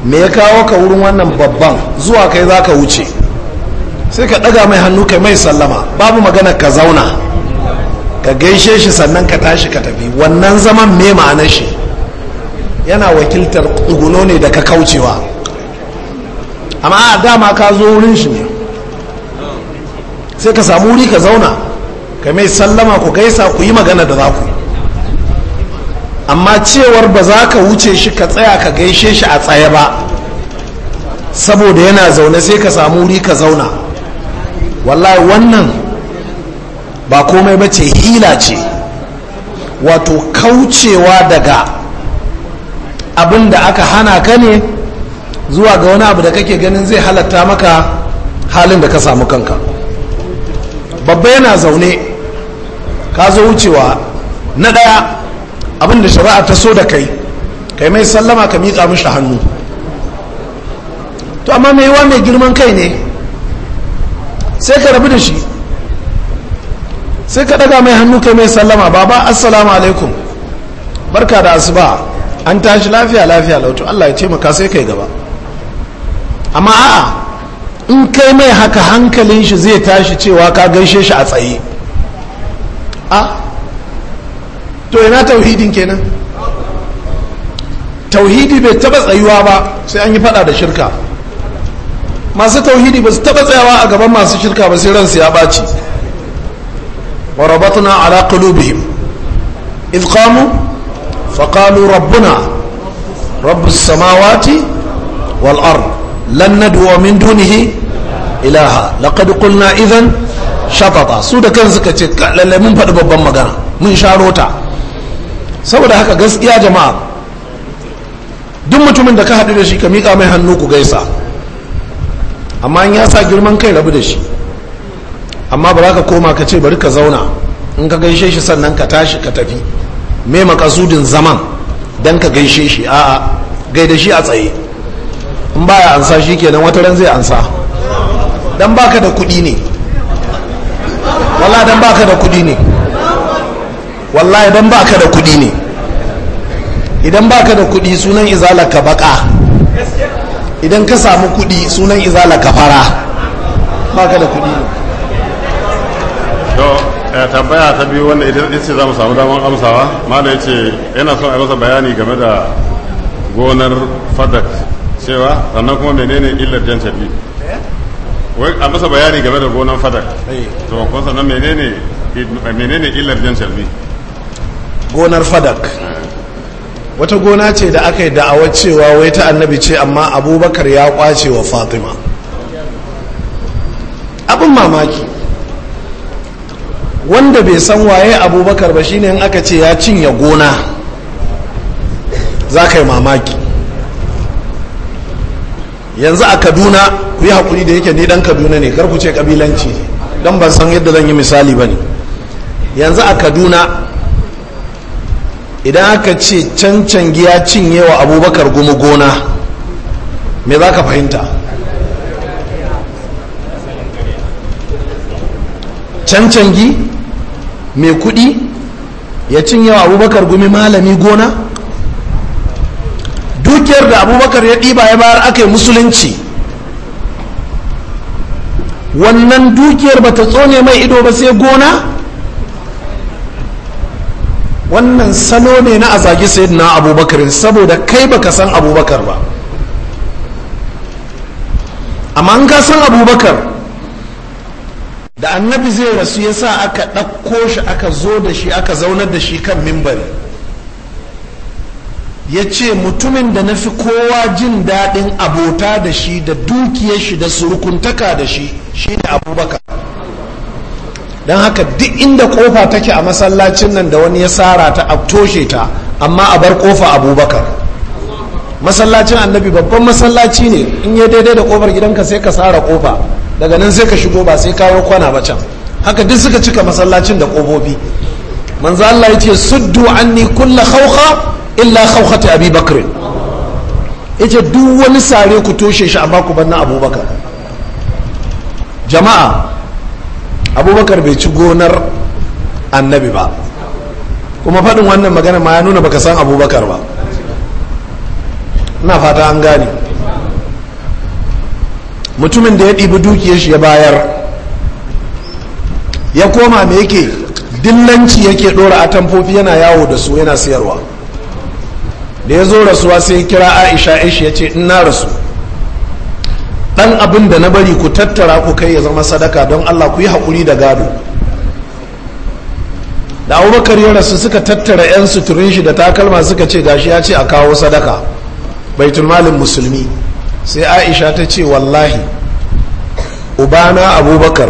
A: me ya kawo ka wurin wannan babban zuwa kai za ka wuce sai ka ɗaga mai hannu kai mai sallama babu magana ka zauna ka gaishe shi sannan ka tashi ka tafi wannan zaman me ma'anar shi yana wakiltar tsuguno ne da ka kaucewa amma a dama ka zo wurin shi ne sai ka samu wuri ka zauna ka mai sallama ku gaisa ku yi magana da za ku amma cewar ba za ka wuce shi ka tsaya ka gaishe shi a tsaye ba saboda yana zaune sai ka samu wuri ka zauna wallahi wannan ba komai ba ce hila ce wato kaucewa daga abin da aka hana ka ne zuwa ga wani abu da kake ganin zai halatta maka halin da ka samu kanka babba yana zaune ka zo wucewa na ɗaya abin da shari'a ta so da kai kai mai sallama ka miƙa mishi hannu to amma mai yiwa mai girman kai ne sai ka rabu da shi sai ka ɗaga mai hannu kai mai sallama baba assalamu alaikum barka da asuba an tashi lafiya lafiya lautu Allah ya ce maka sai kai gaba amma a'a in kai mai haka hankalin shi zai tashi cewa ka gaishe shi a tsaye a to ina tauhidin kenan tauhidi bai taba tsayuwa ba sai an yi fada da shirka masu tauhidi ba su taba tsayawa a gaban masu shirka ba sai ransu ya baci wa rabatuna ala qulubihim idh qamu فقالوا ربنا رب السماوات والأرض لن ندعو من دونه إلها لقد قلنا إذن shatata su da kansu ka ce mun faɗi babban magana mun sharo ta saboda haka gaskiya jama'a duk mutumin da ka haɗu da shi ka miƙa mai hannu ku gaisa amma in ya sa girman kai rabu da shi amma ba ka koma ka ce bari ka zauna in ka gaishe shi sannan ka tashi ka tafi mai makasudin zaman don ka gaishe shi a gaida shi a tsaye in baya ansa shi kenan wata ran zai ansa don baka da kudi ne wallahi don baka da kudi ne wallahi don baka da kudi ne idan baka da kudi sunan izalaka baka idan ka samu kudi sunan izalaka fara baka da kudi ne
C: Eh, tambaya ta biyu wanda ita ce za mu samu damar amsawa mala ya ce yana son a masa bayani game da gonar fadak cewa sannan kuma menene illar jan cabi
B: eh?
C: a masa bayani game da gonar fadak eh. to kuma sannan menene menene illar jan cabi
A: gonar fadak wata gona ce da aka yi da'awar cewa wai ta annabi ce amma abubakar ya kwace wa fatima abin mamaki wanda bai san waye abubakar ba shine in aka ce ya cinye gona za ka yi mamaki yanzu a kaduna ku yi haƙuri da yake ni kaduna ne kar ku ce ƙabilanci don ban san yadda zan yi misali ba ne yanzu a kaduna idan aka ce cancan giya cinye wa abubakar gumu gona me za ka fahimta cancangi mai kudi ya cinye wa abubakar gumi malami gona dukiyar da abubakar ya ɗiba ya bayar aka yi musulunci wannan dukiyar ba ta tsone mai ido ba sai gona wannan salo ne na a zagi na abubakar saboda kai baka san abubakar ba amma an ka san abubakar da annabi zai rasu ya sa aka ɗauko shi aka zo da shi aka zaunar da shi kan mimbari ya ce mutumin da na fi kowa jin daɗin abota da shi da dukiyar shi da surukuntaka da shi shi ne abubakar don haka duk inda kofa take a masallacin nan da wani ya sara ta a toshe ta amma a bar kofa abubakar masallacin annabi babban masallaci ne in ya daidai da kofar gidanka sai ka tsara kofa daga nan sai ka shigo ba sai kawo kwana ba can haka duk suka cika masallacin da ƙofofi manzo Allah ya ce suddu anni kulla khawkha illa khawkhati abi bakr yace duk wani sare ku toshe shi amma ku banna abubakar jama'a abubakar bai ci gonar annabi ba kuma faɗin wannan magana ma ya nuna baka san abubakar ba ina fata an gane mutumin da ya ɗibi dukiyar shi ya bayar ya koma me yake dillanci yake ɗora a tamfofi yana yawo da su yana siyarwa da ya zo rasuwa sai kira aisha aisha ya ce ina rasu ɗan abin da na bari ku tattara ku kai ya zama sadaka don allah ku yi haƙuri da gado da abubakar ya rasu suka tattara 'yan suturin shi da takalma suka ce gashi ya ce a kawo sadaka baitul malin musulmi sai aisha ta ce wallahi ubana abubakar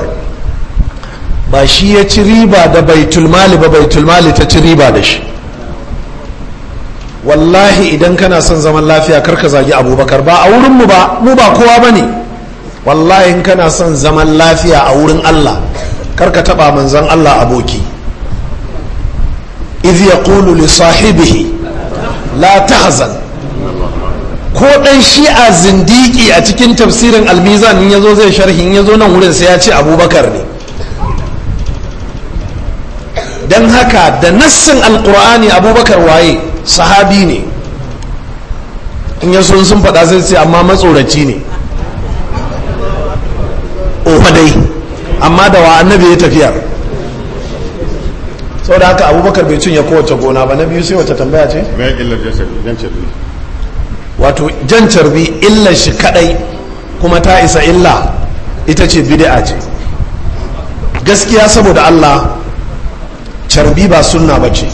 A: ba shi ya ci riba da baitulmali ba baitulmali ta ci riba da shi wallahi idan kana son zaman lafiya karka zagi abubakar ba a wurinmu ba mu ba kowa ba ne wallahi in kana son zaman lafiya a wurin allah karka taba manzan allah aboki idh yaqulu li sahibihi la tahzan ko ɗan shi'a zindiki a cikin tafsirin almizan in ya zo zai sharhi in ya zo nan wurin sai ya ce abubakar ne don haka da nassin alkur'ani abubakar waye sahabi ne in ya sun sun faɗa sai ce amma matsoraci ne o dai amma da wa annabi ya tafiya sau da haka abubakar bai cinye kowace gona ba na biyu sai wata tambaya ce? mai illar jasar wato jan carbi illan shi kadai kuma ta isa illa ita ce bid'a ce gaskiya saboda Allah carbi ba sunna ba ce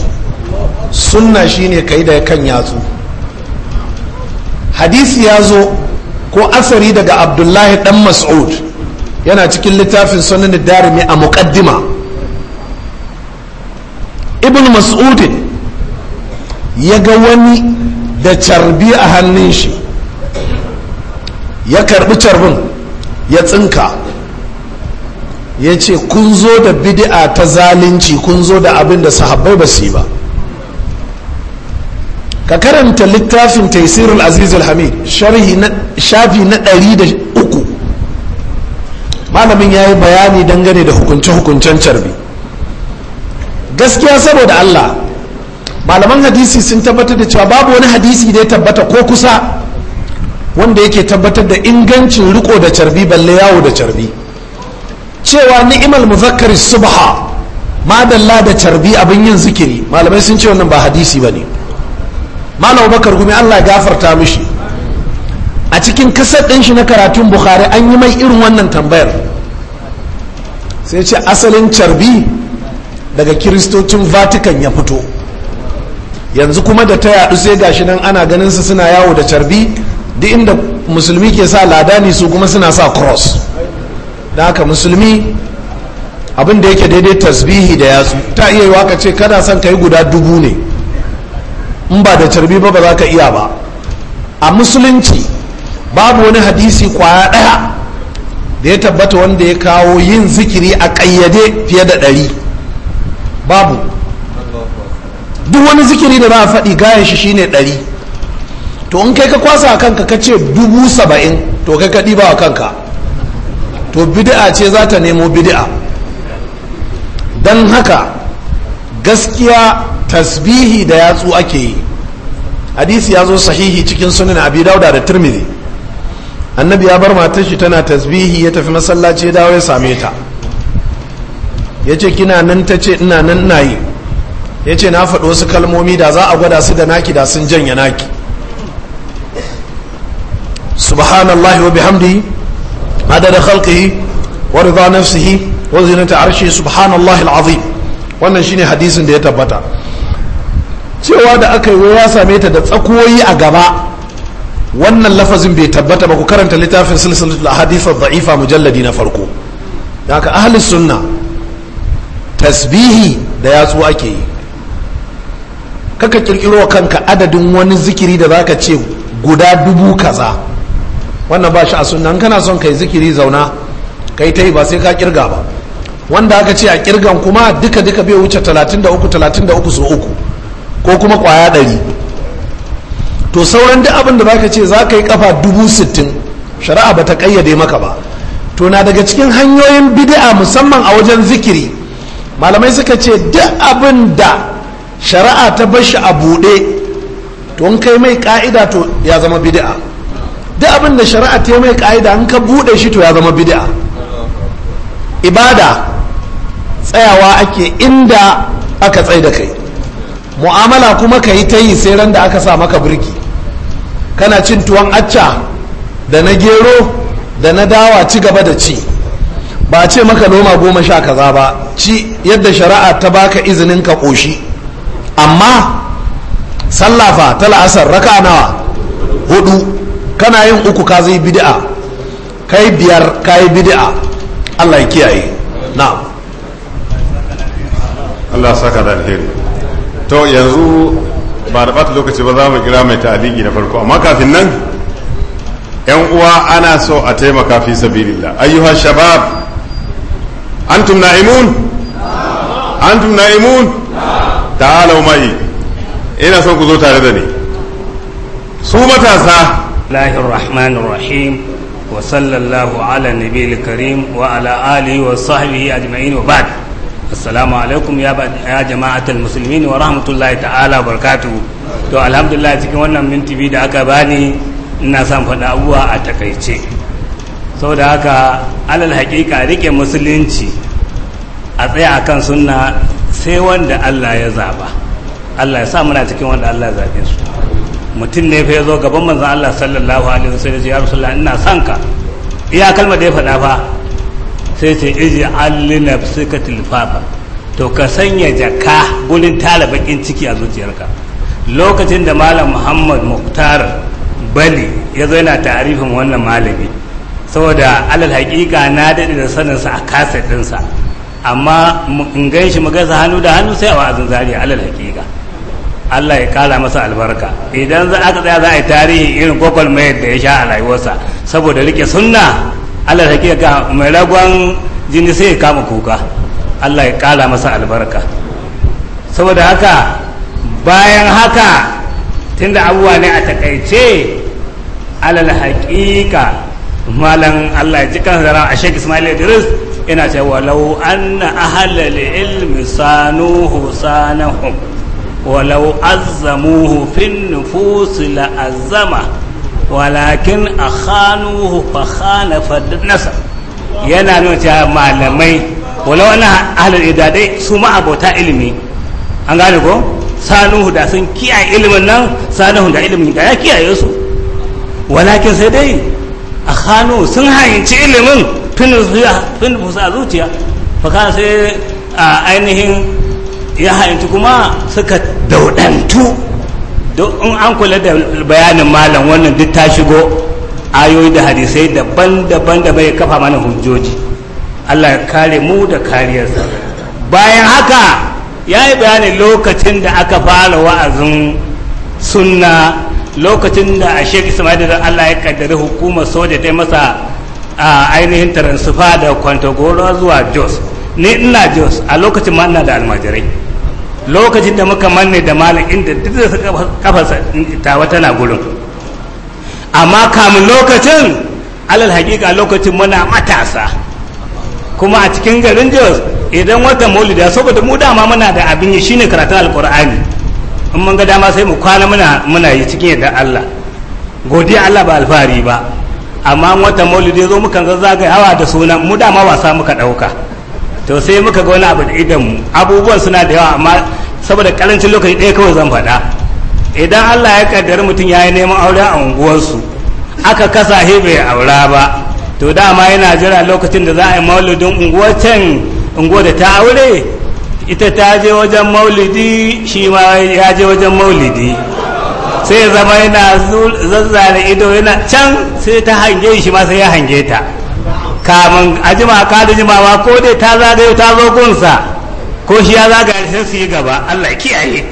A: sunna shine kai da kan yatsu hadisi ya zo ko asari daga abdullahi dan mas'ud yana cikin littafin sunan darimi a muqaddima ibn mas'udin ya ga wani da carbi a hannun shi ya karbi carbin ya tsinka ya ce kun zo da bid'a ta zalunci kun zo da abin da sahabbai ba su yi ba ka karanta littafin taisirul aziz hamid shafi na ɗari da uku malamin ya yi bayani dangane da hukunce-hukuncen carbi gaskiya saboda allah malaman hadisi sun tabbatar da cewa babu wani hadisi da ya tabbata ko kusa wanda yake tabbatar da ingancin riko da carbi balle yawo da carbi cewa ni'imal muzakkari subha madalla da carbi abin yin zikiri malamai sun ce wannan ba hadisi ba ne malam bakar gumi allah gafarta mishi a cikin kasar ɗin shi na karatun bukhari an yi mai irin wannan tambayar sai ce asalin carbi daga kiristocin vatican ya fito yanzu kuma da ta yaɗu sai gashi nan ana ganin su suna yawo da carbi duk inda musulmi ke sa lada ladani su kuma suna sa cross da haka musulmi abin da yake daidai tasbihi da yatsu ta iya yiwa ka ce kana son ka yi guda dubu ne in ba da carbi ba ba za ka iya ba a musulunci babu wani hadisi kwaya ɗaya da ya tabbata wanda ya kawo yin zikiri a ƙayyade fiye da ɗari babu duk wani zikiri da za a faɗi gayan shi shine ɗari to in kai ka kwasa a kanka ka ce dubu saba'in to kai ka ɗiba a kanka to bidi'a ce za ta nemo bidi'a don haka gaskiya tasbihi da yatsu ake yi hadisi ya zo sahihi cikin sunan abi dauda da turmizi annabi ya bar matar shi tana tasbihi ya tafi masallaci ya dawo ya same ta ya ce kina nan ta ce ina nan na yi ya ce na faɗi wasu kalmomi da za a gwada su da naki da sun janya naki subhanallahi wa bihamdihi adada khalqihi wa rida nafsihi wa zinata arshi subhanallah alazim wannan shine hadisin da ya tabbata cewa da aka yi ya same ta da tsakoyi a gaba wannan lafazin bai tabbata ba ku karanta littafin silsilatul ahadith ad-da'ifa mujalladi na farko da ahli sunna tasbihi da yatsu ake yi kaka kirkiro kanka adadin wani zikiri da zaka ce guda dubu kaza wannan ba shi a sunan kana son kai zikiri zauna kai ta yi ba sai ka kirga ba wanda aka ce a kirgan kuma duka duka bai wuce 33 33 so uku ko kuma kwaya ɗari to sauran duk abin da zaka ce za ka yi kafa dubu sittin shari'a ba ta kayyade maka ba to na daga cikin hanyoyin bidi'a musamman a wajen zikiri malamai suka ce duk abin da shari'a ta bashi a buɗe to kai mai ka'ida to ya zama bid'a duk abin da shari'a ta mai ka'ida in ka buɗe shi to ya zama bid'a ibada tsayawa ake inda aka tsai da kai mu'amala kuma ka yi ta yi sai ran da aka sa maka birki kana cin tuwon acca da na gero da na dawa ci gaba da ci ba ce maka noma goma sha kaza ba ci yadda shari'a ta baka izinin ka ƙoshi amma sallafa ta la'asar raka nawa hudu kana yin uku ka zai bid'a kai biyar ka yi bid'a allah ya kiyaye na
C: allah saka da alheri
A: to yanzu ba da bata lokaci
C: ba za mu kira mai ta'aliki na farko amma kafin nan yan uwa ana so a taimaka fi sabilillah ayyuha shabab antum na'imun antum na'imun ta'ala mai ina son ku zo tare da ni
D: su matasa lahir rahmanir rahim wa sallallahu ala nabiyil karim wa ala alihi wa sahbihi ajma'in wa ba'd assalamu alaikum ya ya jama'atul muslimin wa rahmatullahi ta'ala wa barakatuh to alhamdulillah cikin wannan minti bi da aka bani ina son faɗa abuwa a takaice saboda haka alal haƙiƙa rike musulunci a tsaya akan sunna sai wanda Allah ya zaba Allah ya sa muna cikin wanda Allah ya zabe su mutum ne fa ya zo gaban manzon Allah sallallahu alaihi wasallam ya rasulullah ina son ka iya kalmar da ya faɗa fa sai ce iji alli nafsika tilfafa to ka sanya jaka gulin tala bakin ciki a zuciyarka lokacin da malam muhammad muktar bali ya zo yana tarifin wannan malami saboda alal hakika na daɗe da saninsa a kaset ɗinsa amma in gan shi magasa hannu da hannu sai a wa'azin zariya alal hakika Allah ya kala masa albarka idan za aka tsaya za a yi tarihi irin kwakwal mai da ya sha a rayuwarsa saboda rike sunna alal hakika mai ragon jini sai ya kama kuka Allah ya kala masa albarka saboda haka bayan haka tunda abubuwa ne a takaice alal hakika malam Allah ya ji kan zara a shek Ismail Idris ina ce walau anna ahalali ilmi sanuhu sanahum walau azzamuhu fin nufusi la azzama walakin akhanuhu fa khana fa nasa yana nuna cewa malamai walau ana ahalali idadai su ma abota ilimi an gane ko sanuhu da sun kiyaye ilimin nan sanuhu da ilimin da ya kiyaye su walakin sai dai akhanu sun hayinci ilimin finin fusa zuciya fakana sai a ainihin ya hainci kuma suka daudantu in an kula da bayanin malam wannan duk ta shigo ayoyi da hadisai daban-daban da bai kafa mana hujjoji allah ya kare mu da kariyarsa bayan haka ya yi bayani lokacin da aka fara wa'azin sunna lokacin da a shek ismail da allah ya kaddari hukumar soja ta yi masa a ainihin taransifa da kwantagoro zuwa jos ni ina jos a lokacin ma ina da almajirai lokacin da muka manne da malam inda duk da ta tawa tana gurin amma kamun lokacin alal hakika lokacin muna matasa kuma a cikin garin jos idan wata maulida saboda mu dama muna da abin yi shine karatun alkur'ani in mun ga dama sai mu kwana muna yi cikin yadda allah godiya allah ba alfahari ba amma watan maulidi zo zagaye hawa da sunan mu dama wasa muka ɗauka to sai muka ga wani abu da idan abubuwan suna da yawa amma saboda karancin lokaci ɗaya kawai zan faɗa idan allah ya kaddari mutum ya yi neman aure a unguwarsu aka kasa bai aura ba to dama yana jira lokacin da za a yi maulidin unguwar can unguwar da ta aure ita ta je wajen maulidi shi ma ya je wajen maulidi sai ya zama yana zazzare ido yana can sai ta hange shi ma sai ya hange ta kamun ajima ka da jimawa ko dai ta zagaye ta zo gunsa ko shi ya zagaye sai su yi gaba Allah ya kiyaye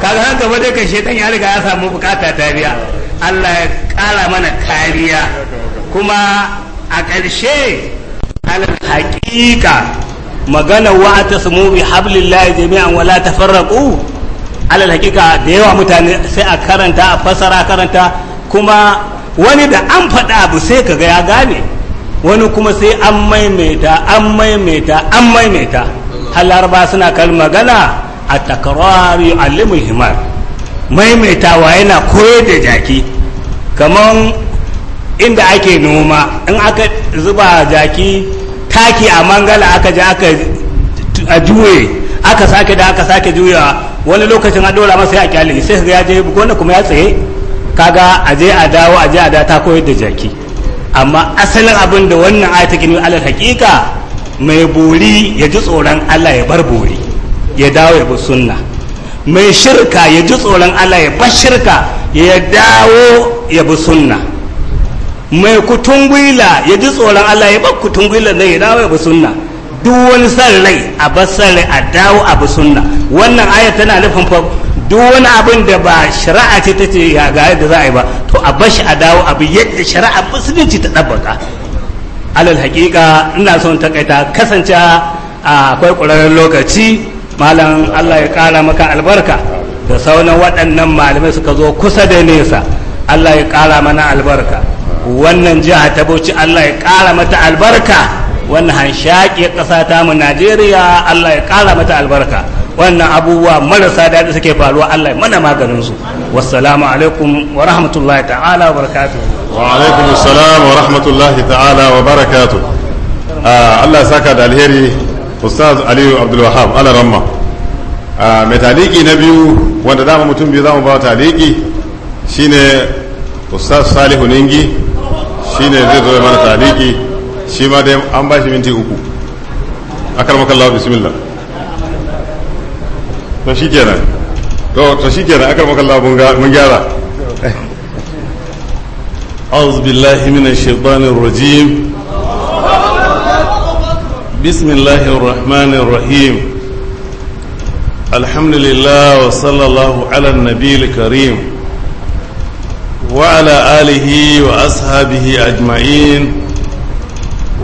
D: kaga haka gaba dai kan shetan ya riga ya samu bukata ta biya Allah ya kara mana kariya kuma a ƙarshe alal haƙiƙa magana wa ta bi hablillahi jami'an wala tafarraqu alal hakika da yawa mutane sai a karanta a fasara karanta kuma wani da an faɗa abu sai kaga ya gane wani kuma sai an maimaita an maimaita an maimaita har laraba suna kan magana a takarar yu'allimul himar maimaitawa yana koyar da jaki kamar inda ake noma in aka zuba jaki taki a mangala aka je aka juye aka sake da aka sake juyawa wani lokacin a dora masa ya kyali sai ga ya je gona kuma ya tsaye kaga a je a dawo a je a da ta koyar da jaki amma asalin abin da wannan ayatakin yi alal hakika mai buri ya ji tsoron Allah ya bar buri ya dawo ya bi sunna mai shirka ya ji tsoron Allah ya bar shirka ya dawo ya bi sunna mai kutungwila ya ji tsoron Allah ya bar kutungwila ne ya dawo ya bi sunna duk wani san rai a ba san rai a dawo abu sunna wannan aya tana nufin fa duk wani abin da ba shari'a ce ta ce ga yadda za a yi ba to a bashi a dawo abu yadda shari'a musulunci ta ɗabbaka alal haƙiƙa ina son kaita kasance akwai ƙwararren lokaci malam allah ya ƙara maka albarka da sauran waɗannan malamai suka zo kusa da nesa allah ya ƙara mana albarka wannan jiha ta bauchi allah ya ƙara mata albarka wannan hanshaƙiyar ƙasa ta mu najeriya allah ya ƙara mata albarka wannan abubuwa marasa daɗi suke faruwa allah ya mana maganin su wassalamu alaikum wa rahmatullahi ta'ala wa barakatu wa alaikum assalam wa rahmatullahi ta'ala
C: wa barakatu ah, allah ya saka da alheri ustaz aliyu abdulwahab ala ramma ah, mai taliki na biyu wanda dama mutum biyu za mu ba taliki shine ustaz salihu ningi shine zai zo mana taliki shi ma dai an ba shi minti uku akar makallawa bismillah
E: to shi kenan to shi kenan akar makallawa mun gyara أعوذ بالله من الشيطان الرجيم بسم الله الرحمن الرحيم الحمد لله وصلى الله على النبي الكريم وعلى آله وأصحابه أجمعين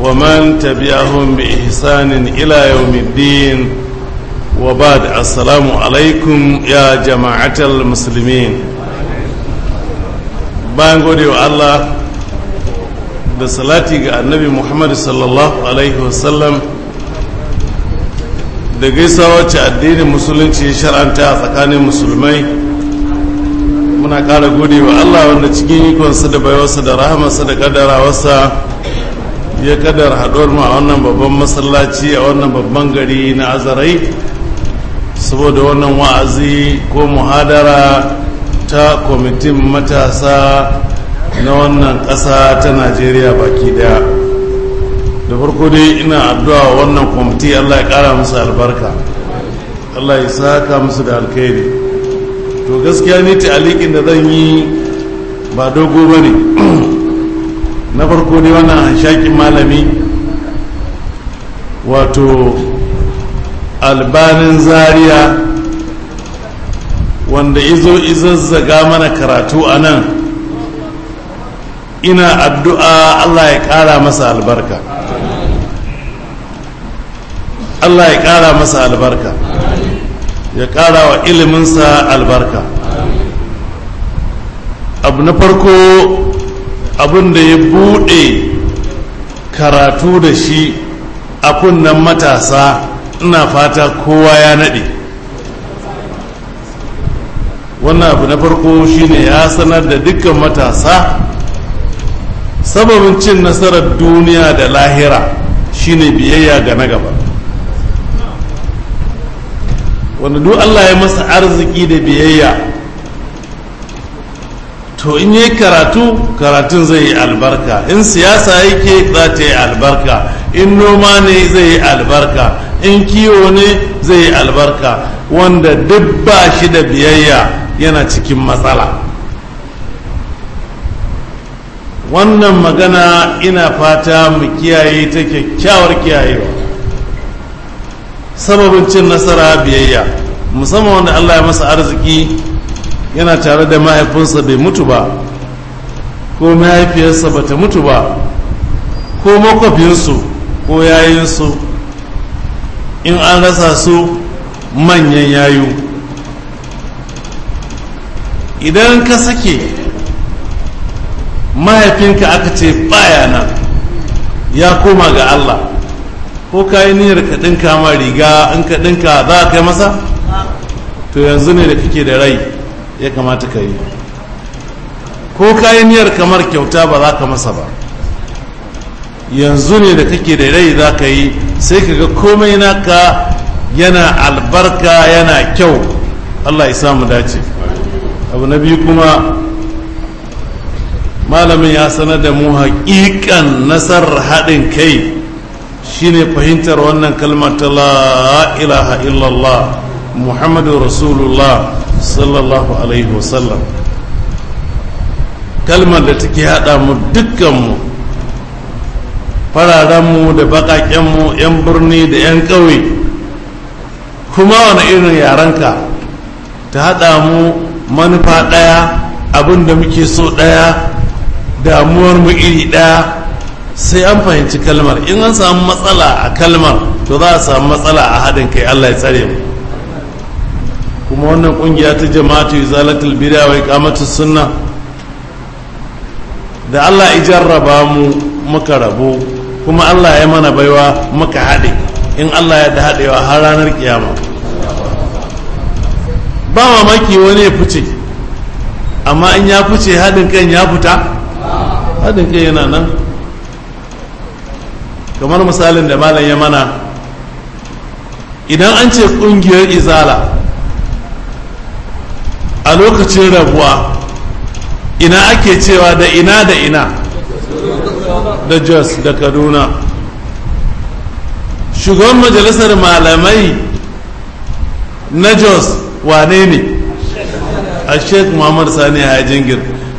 E: ومن تبعهم بإحسان إلى يوم الدين وبعد السلام عليكم يا جماعة المسلمين بانغودي الله بصلاتي على النبي محمد صلى الله عليه وسلم da gaisa wacce addinin musulunci shar'anta a tsakanin musulmai muna kara gode wa Allah wanda cikin ikonsa da baiwarsa da rahamarsa da ƙaddarawarsa ya kadar haɗuwar mu a wannan babban masallaci a wannan babban gari na azarai saboda wannan wa'azi ko muhadara ta kwamitin matasa na wannan ƙasa ta najeriya baki daya da farko dai ina addu'a wannan kwamiti allah ya ƙara musu albarka allah ya saka musu da alkhairi to gaskiya ni ta alikin da zan yi ba dogo ba ne na farko dai wannan shakin malami wato albanin zaria wanda izo izazzaga mana karatu a nan ina addu'a allah ya kara masa albarka allah ya kara masa albarka ya kara wa iliminsa albarka abu na farko abin da ya buɗe karatu da shi a kunnen matasa ina fata kowa ya naɗe wannan abu na farko shine ya sanar da dukkan matasa sababin cin nasarar duniya da lahira shine biyayya ga na gaba wanda duk allah ya masa arziki da biyayya to in yi karatu karatun zai yi albarka in siyasa yake za ta yi albarka in noma ne zai yi albarka in kiwo ne zai yi albarka wanda duk ba shi da biyayya yana cikin matsala wannan magana ina fata mu kiyaye ta kyakkyawar kiyayewa sababin cin nasara biyayya musamman wanda allah ya masa arziki yana tare da mahaifinsa bai mutu ba ko mahaifiyarsa ba ta mutu ba ko makwafinsu ko yayinsu in an rasa su manyan yayu idan ka sake mahaifinka aka ce bayana ya koma ga allah ko ka yi niyyar ka ɗinka ma riga in ka ɗinka za a kai masa to yanzu ne da kake da rai ya kamata ka yi ko kayan niyar kamar kyauta ba za ka masa ba yanzu ne da kake da rai za ka yi sai ka ga komai naka yana albarka yana kyau allah ya samu dace abu na biyu kuma malamin ya sanar da mu haƙiƙan nasarar haɗin kai shine fahimtar wannan kalmata ta la illallah muhammadu rasulullah sallallahu alaihi wasallam kalmar da take haɗa mu dukkanmu fararenmu da mu 'yan birni da 'yan ƙauye kuma wani irin yarenka ta haɗa mu manufa ɗaya abin da muke so ɗaya damuwar mu iri ɗaya sai an fahimci kalmar in an samu matsala a kalmar to za a samu matsala a haɗin kai allah ya tsare mu kuma wannan kungiya ta jama'atu izalatul bid'a wa iqamatus sunna da Allah ya jarraba mu muka rabo kuma Allah ya mana baiwa muka haɗe in Allah ya da haɗewa har ranar kiyama ba mamaki wani ya fice amma in ya fice haɗin kan ya fita haɗin kan yana nan kamar misalin da malam ya mana idan an ce ƙungiyar izala a lokacin rabuwa ina ake cewa da ina da ina da jos da kaduna shugaban majalisar malamai na jos wane ne a sheikh muhammad sani a jingir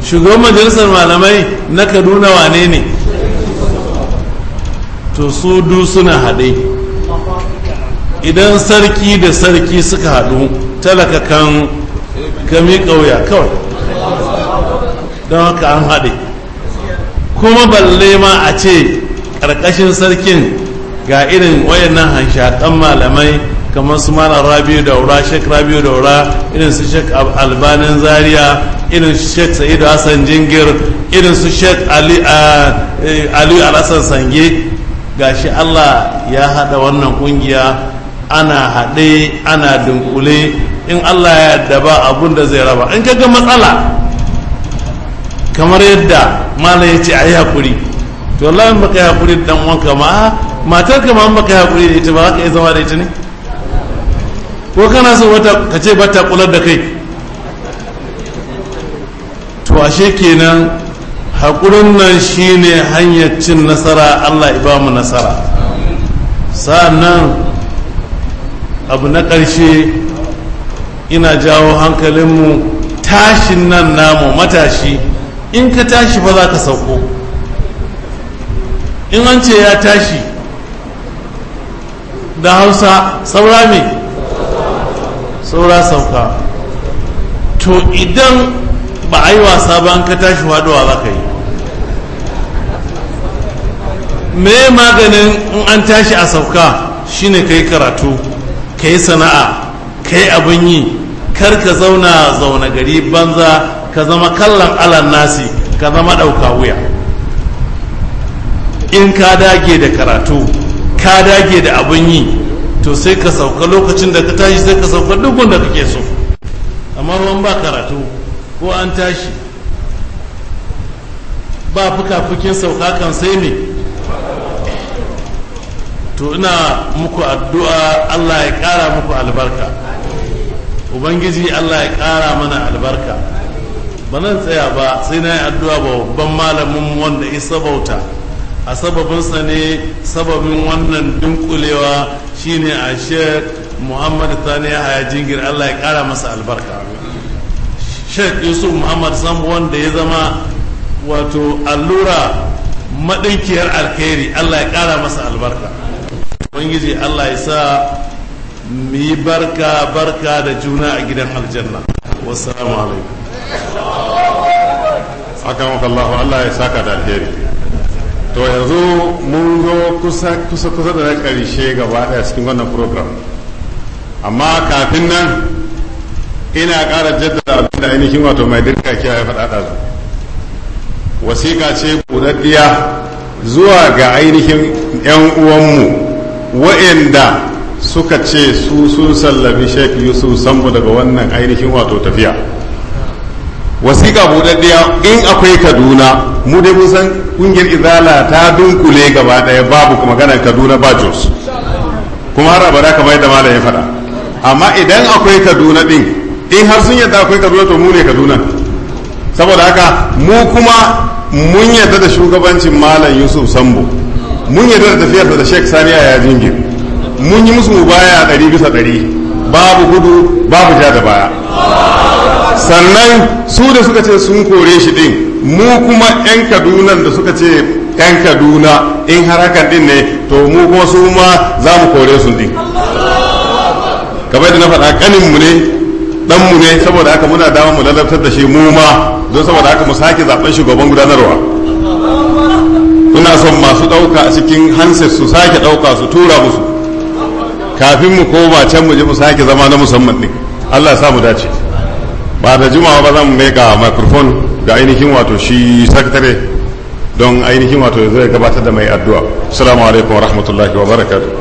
E: shugaban majalisar malamai na kaduna wane ne to su du suna haɗe idan sarki da sarki suka haɗu talaka kan ka kawai kawai don haka an haɗe kuma balle ma a ce ƙarƙashin sarkin ga irin wayannan hanshaƙan malamai kamar su malam rabiu daura shek rabiu daura irin su shek albanin zaria irin su shek sa'idu hassan jingir irin su shek eh, aliyu alhassan sange ga shi allah ya haɗa wannan ƙungiya ana haɗe ana dunkule in allah ya yadda ba abun da zai raba in kaga matsala kamar yadda mala ya ce a yi haƙuri to wallahi baka yi haƙuri da wanka ah, ma matar ka ma baka yi haƙuri da ita ba ka yi zama da ita ne ko kana so wata ka ce ba ta kular da kai to ashe kenan haƙurin nan shine hanyar cin nasara allah ba mu nasara nan abu na ƙarshe ina jawo hankalinmu tashin nan namu matashi in ka tashi ba za ka sauko in an ce ya tashi da hausa saura me saura sauka to idan ba a yi wasa ba an ka tashi wadowa za ka yi me maganin in an tashi a sauka shine ka yi karatu ka yi sana'a ka yi abin yi kar ka zauna zauna gari banza ka zama kallon alan nasi ka zama ɗauka wuya in ka dage da karatu ka dage da abin yi to sai ka sauka lokacin da ka tashi sai ka sauka duk wanda kake so amma ruwan ba karatu ko an tashi ba fuka-fukin sauka kan sai ne to ina muku addu'a allah ya kara muku albarka ubangiji allah ya kara mana albarka ba nan tsaya ba sai na yi addu'a ba babban malamin wanda ya sabauta a sababinsa ne sababin wannan dunkulewa shine a shek muhammad tani haya jingir allah ya kara masa albarka shek yusuf muhammad sam wanda ya zama wato allura madinkiyar alkhairi allah ya kara masa albarka ubangiji allah ya sa mi barka barka da juna a gidan aljanna wassalamu alaikum maka Allah Allah ya saka da alheri to yanzu
C: mun zo kusa kusa kusa da karshe gaba daya cikin wannan program amma kafin nan ina ƙara jaddada abin da ainihin wato mai dirka ke ya faɗa su wasiƙa ce buɗaɗɗiya zuwa ga ainihin 'yan uwanmu wa'anda suka ce su sun sallami sheik yusuf sambo daga wannan ainihin wato tafiya wasiƙa buɗaɗɗiya in akwai kaduna mu dai mun san ƙungiyar izala ta dunkule gaba ɗaya babu kuma ganin kaduna ba jos kuma har abada kamar yadda malam ya faɗa amma idan akwai kaduna ɗin in har sun yadda akwai kaduna to mu ne kaduna saboda haka mu kuma mun yadda da shugabancin malam yusuf sambo mun yadda da tafiyarsa da sheik saniya ya jingir mun yi musu baya ɗari bisa ɗari babu gudu babu ja da baya sannan su da suka ce sun kore shi ɗin mu kuma 'yan kaduna da suka ce 'yan kaduna in harakan ɗin ne to mu kuma su ma za mu kore su ɗin kamar da na faɗa ƙaninmu ne ɗanmu ne saboda haka muna dama mu lalabtar da shi mu ma don saboda haka mu sake zaɓen shugaban gudanarwa ina son masu ɗauka cikin hanset su sake ɗauka su tura musu kafin mu koma can mu ji mu sake zama na musamman ne Allah sa mu dace ba da juma'a ba zan ga microphone ga ainihin wato shi sakatare don ainihin wato zai gabatar da mai addu'a
B: assalamu alaikum wa rahmatullahi wa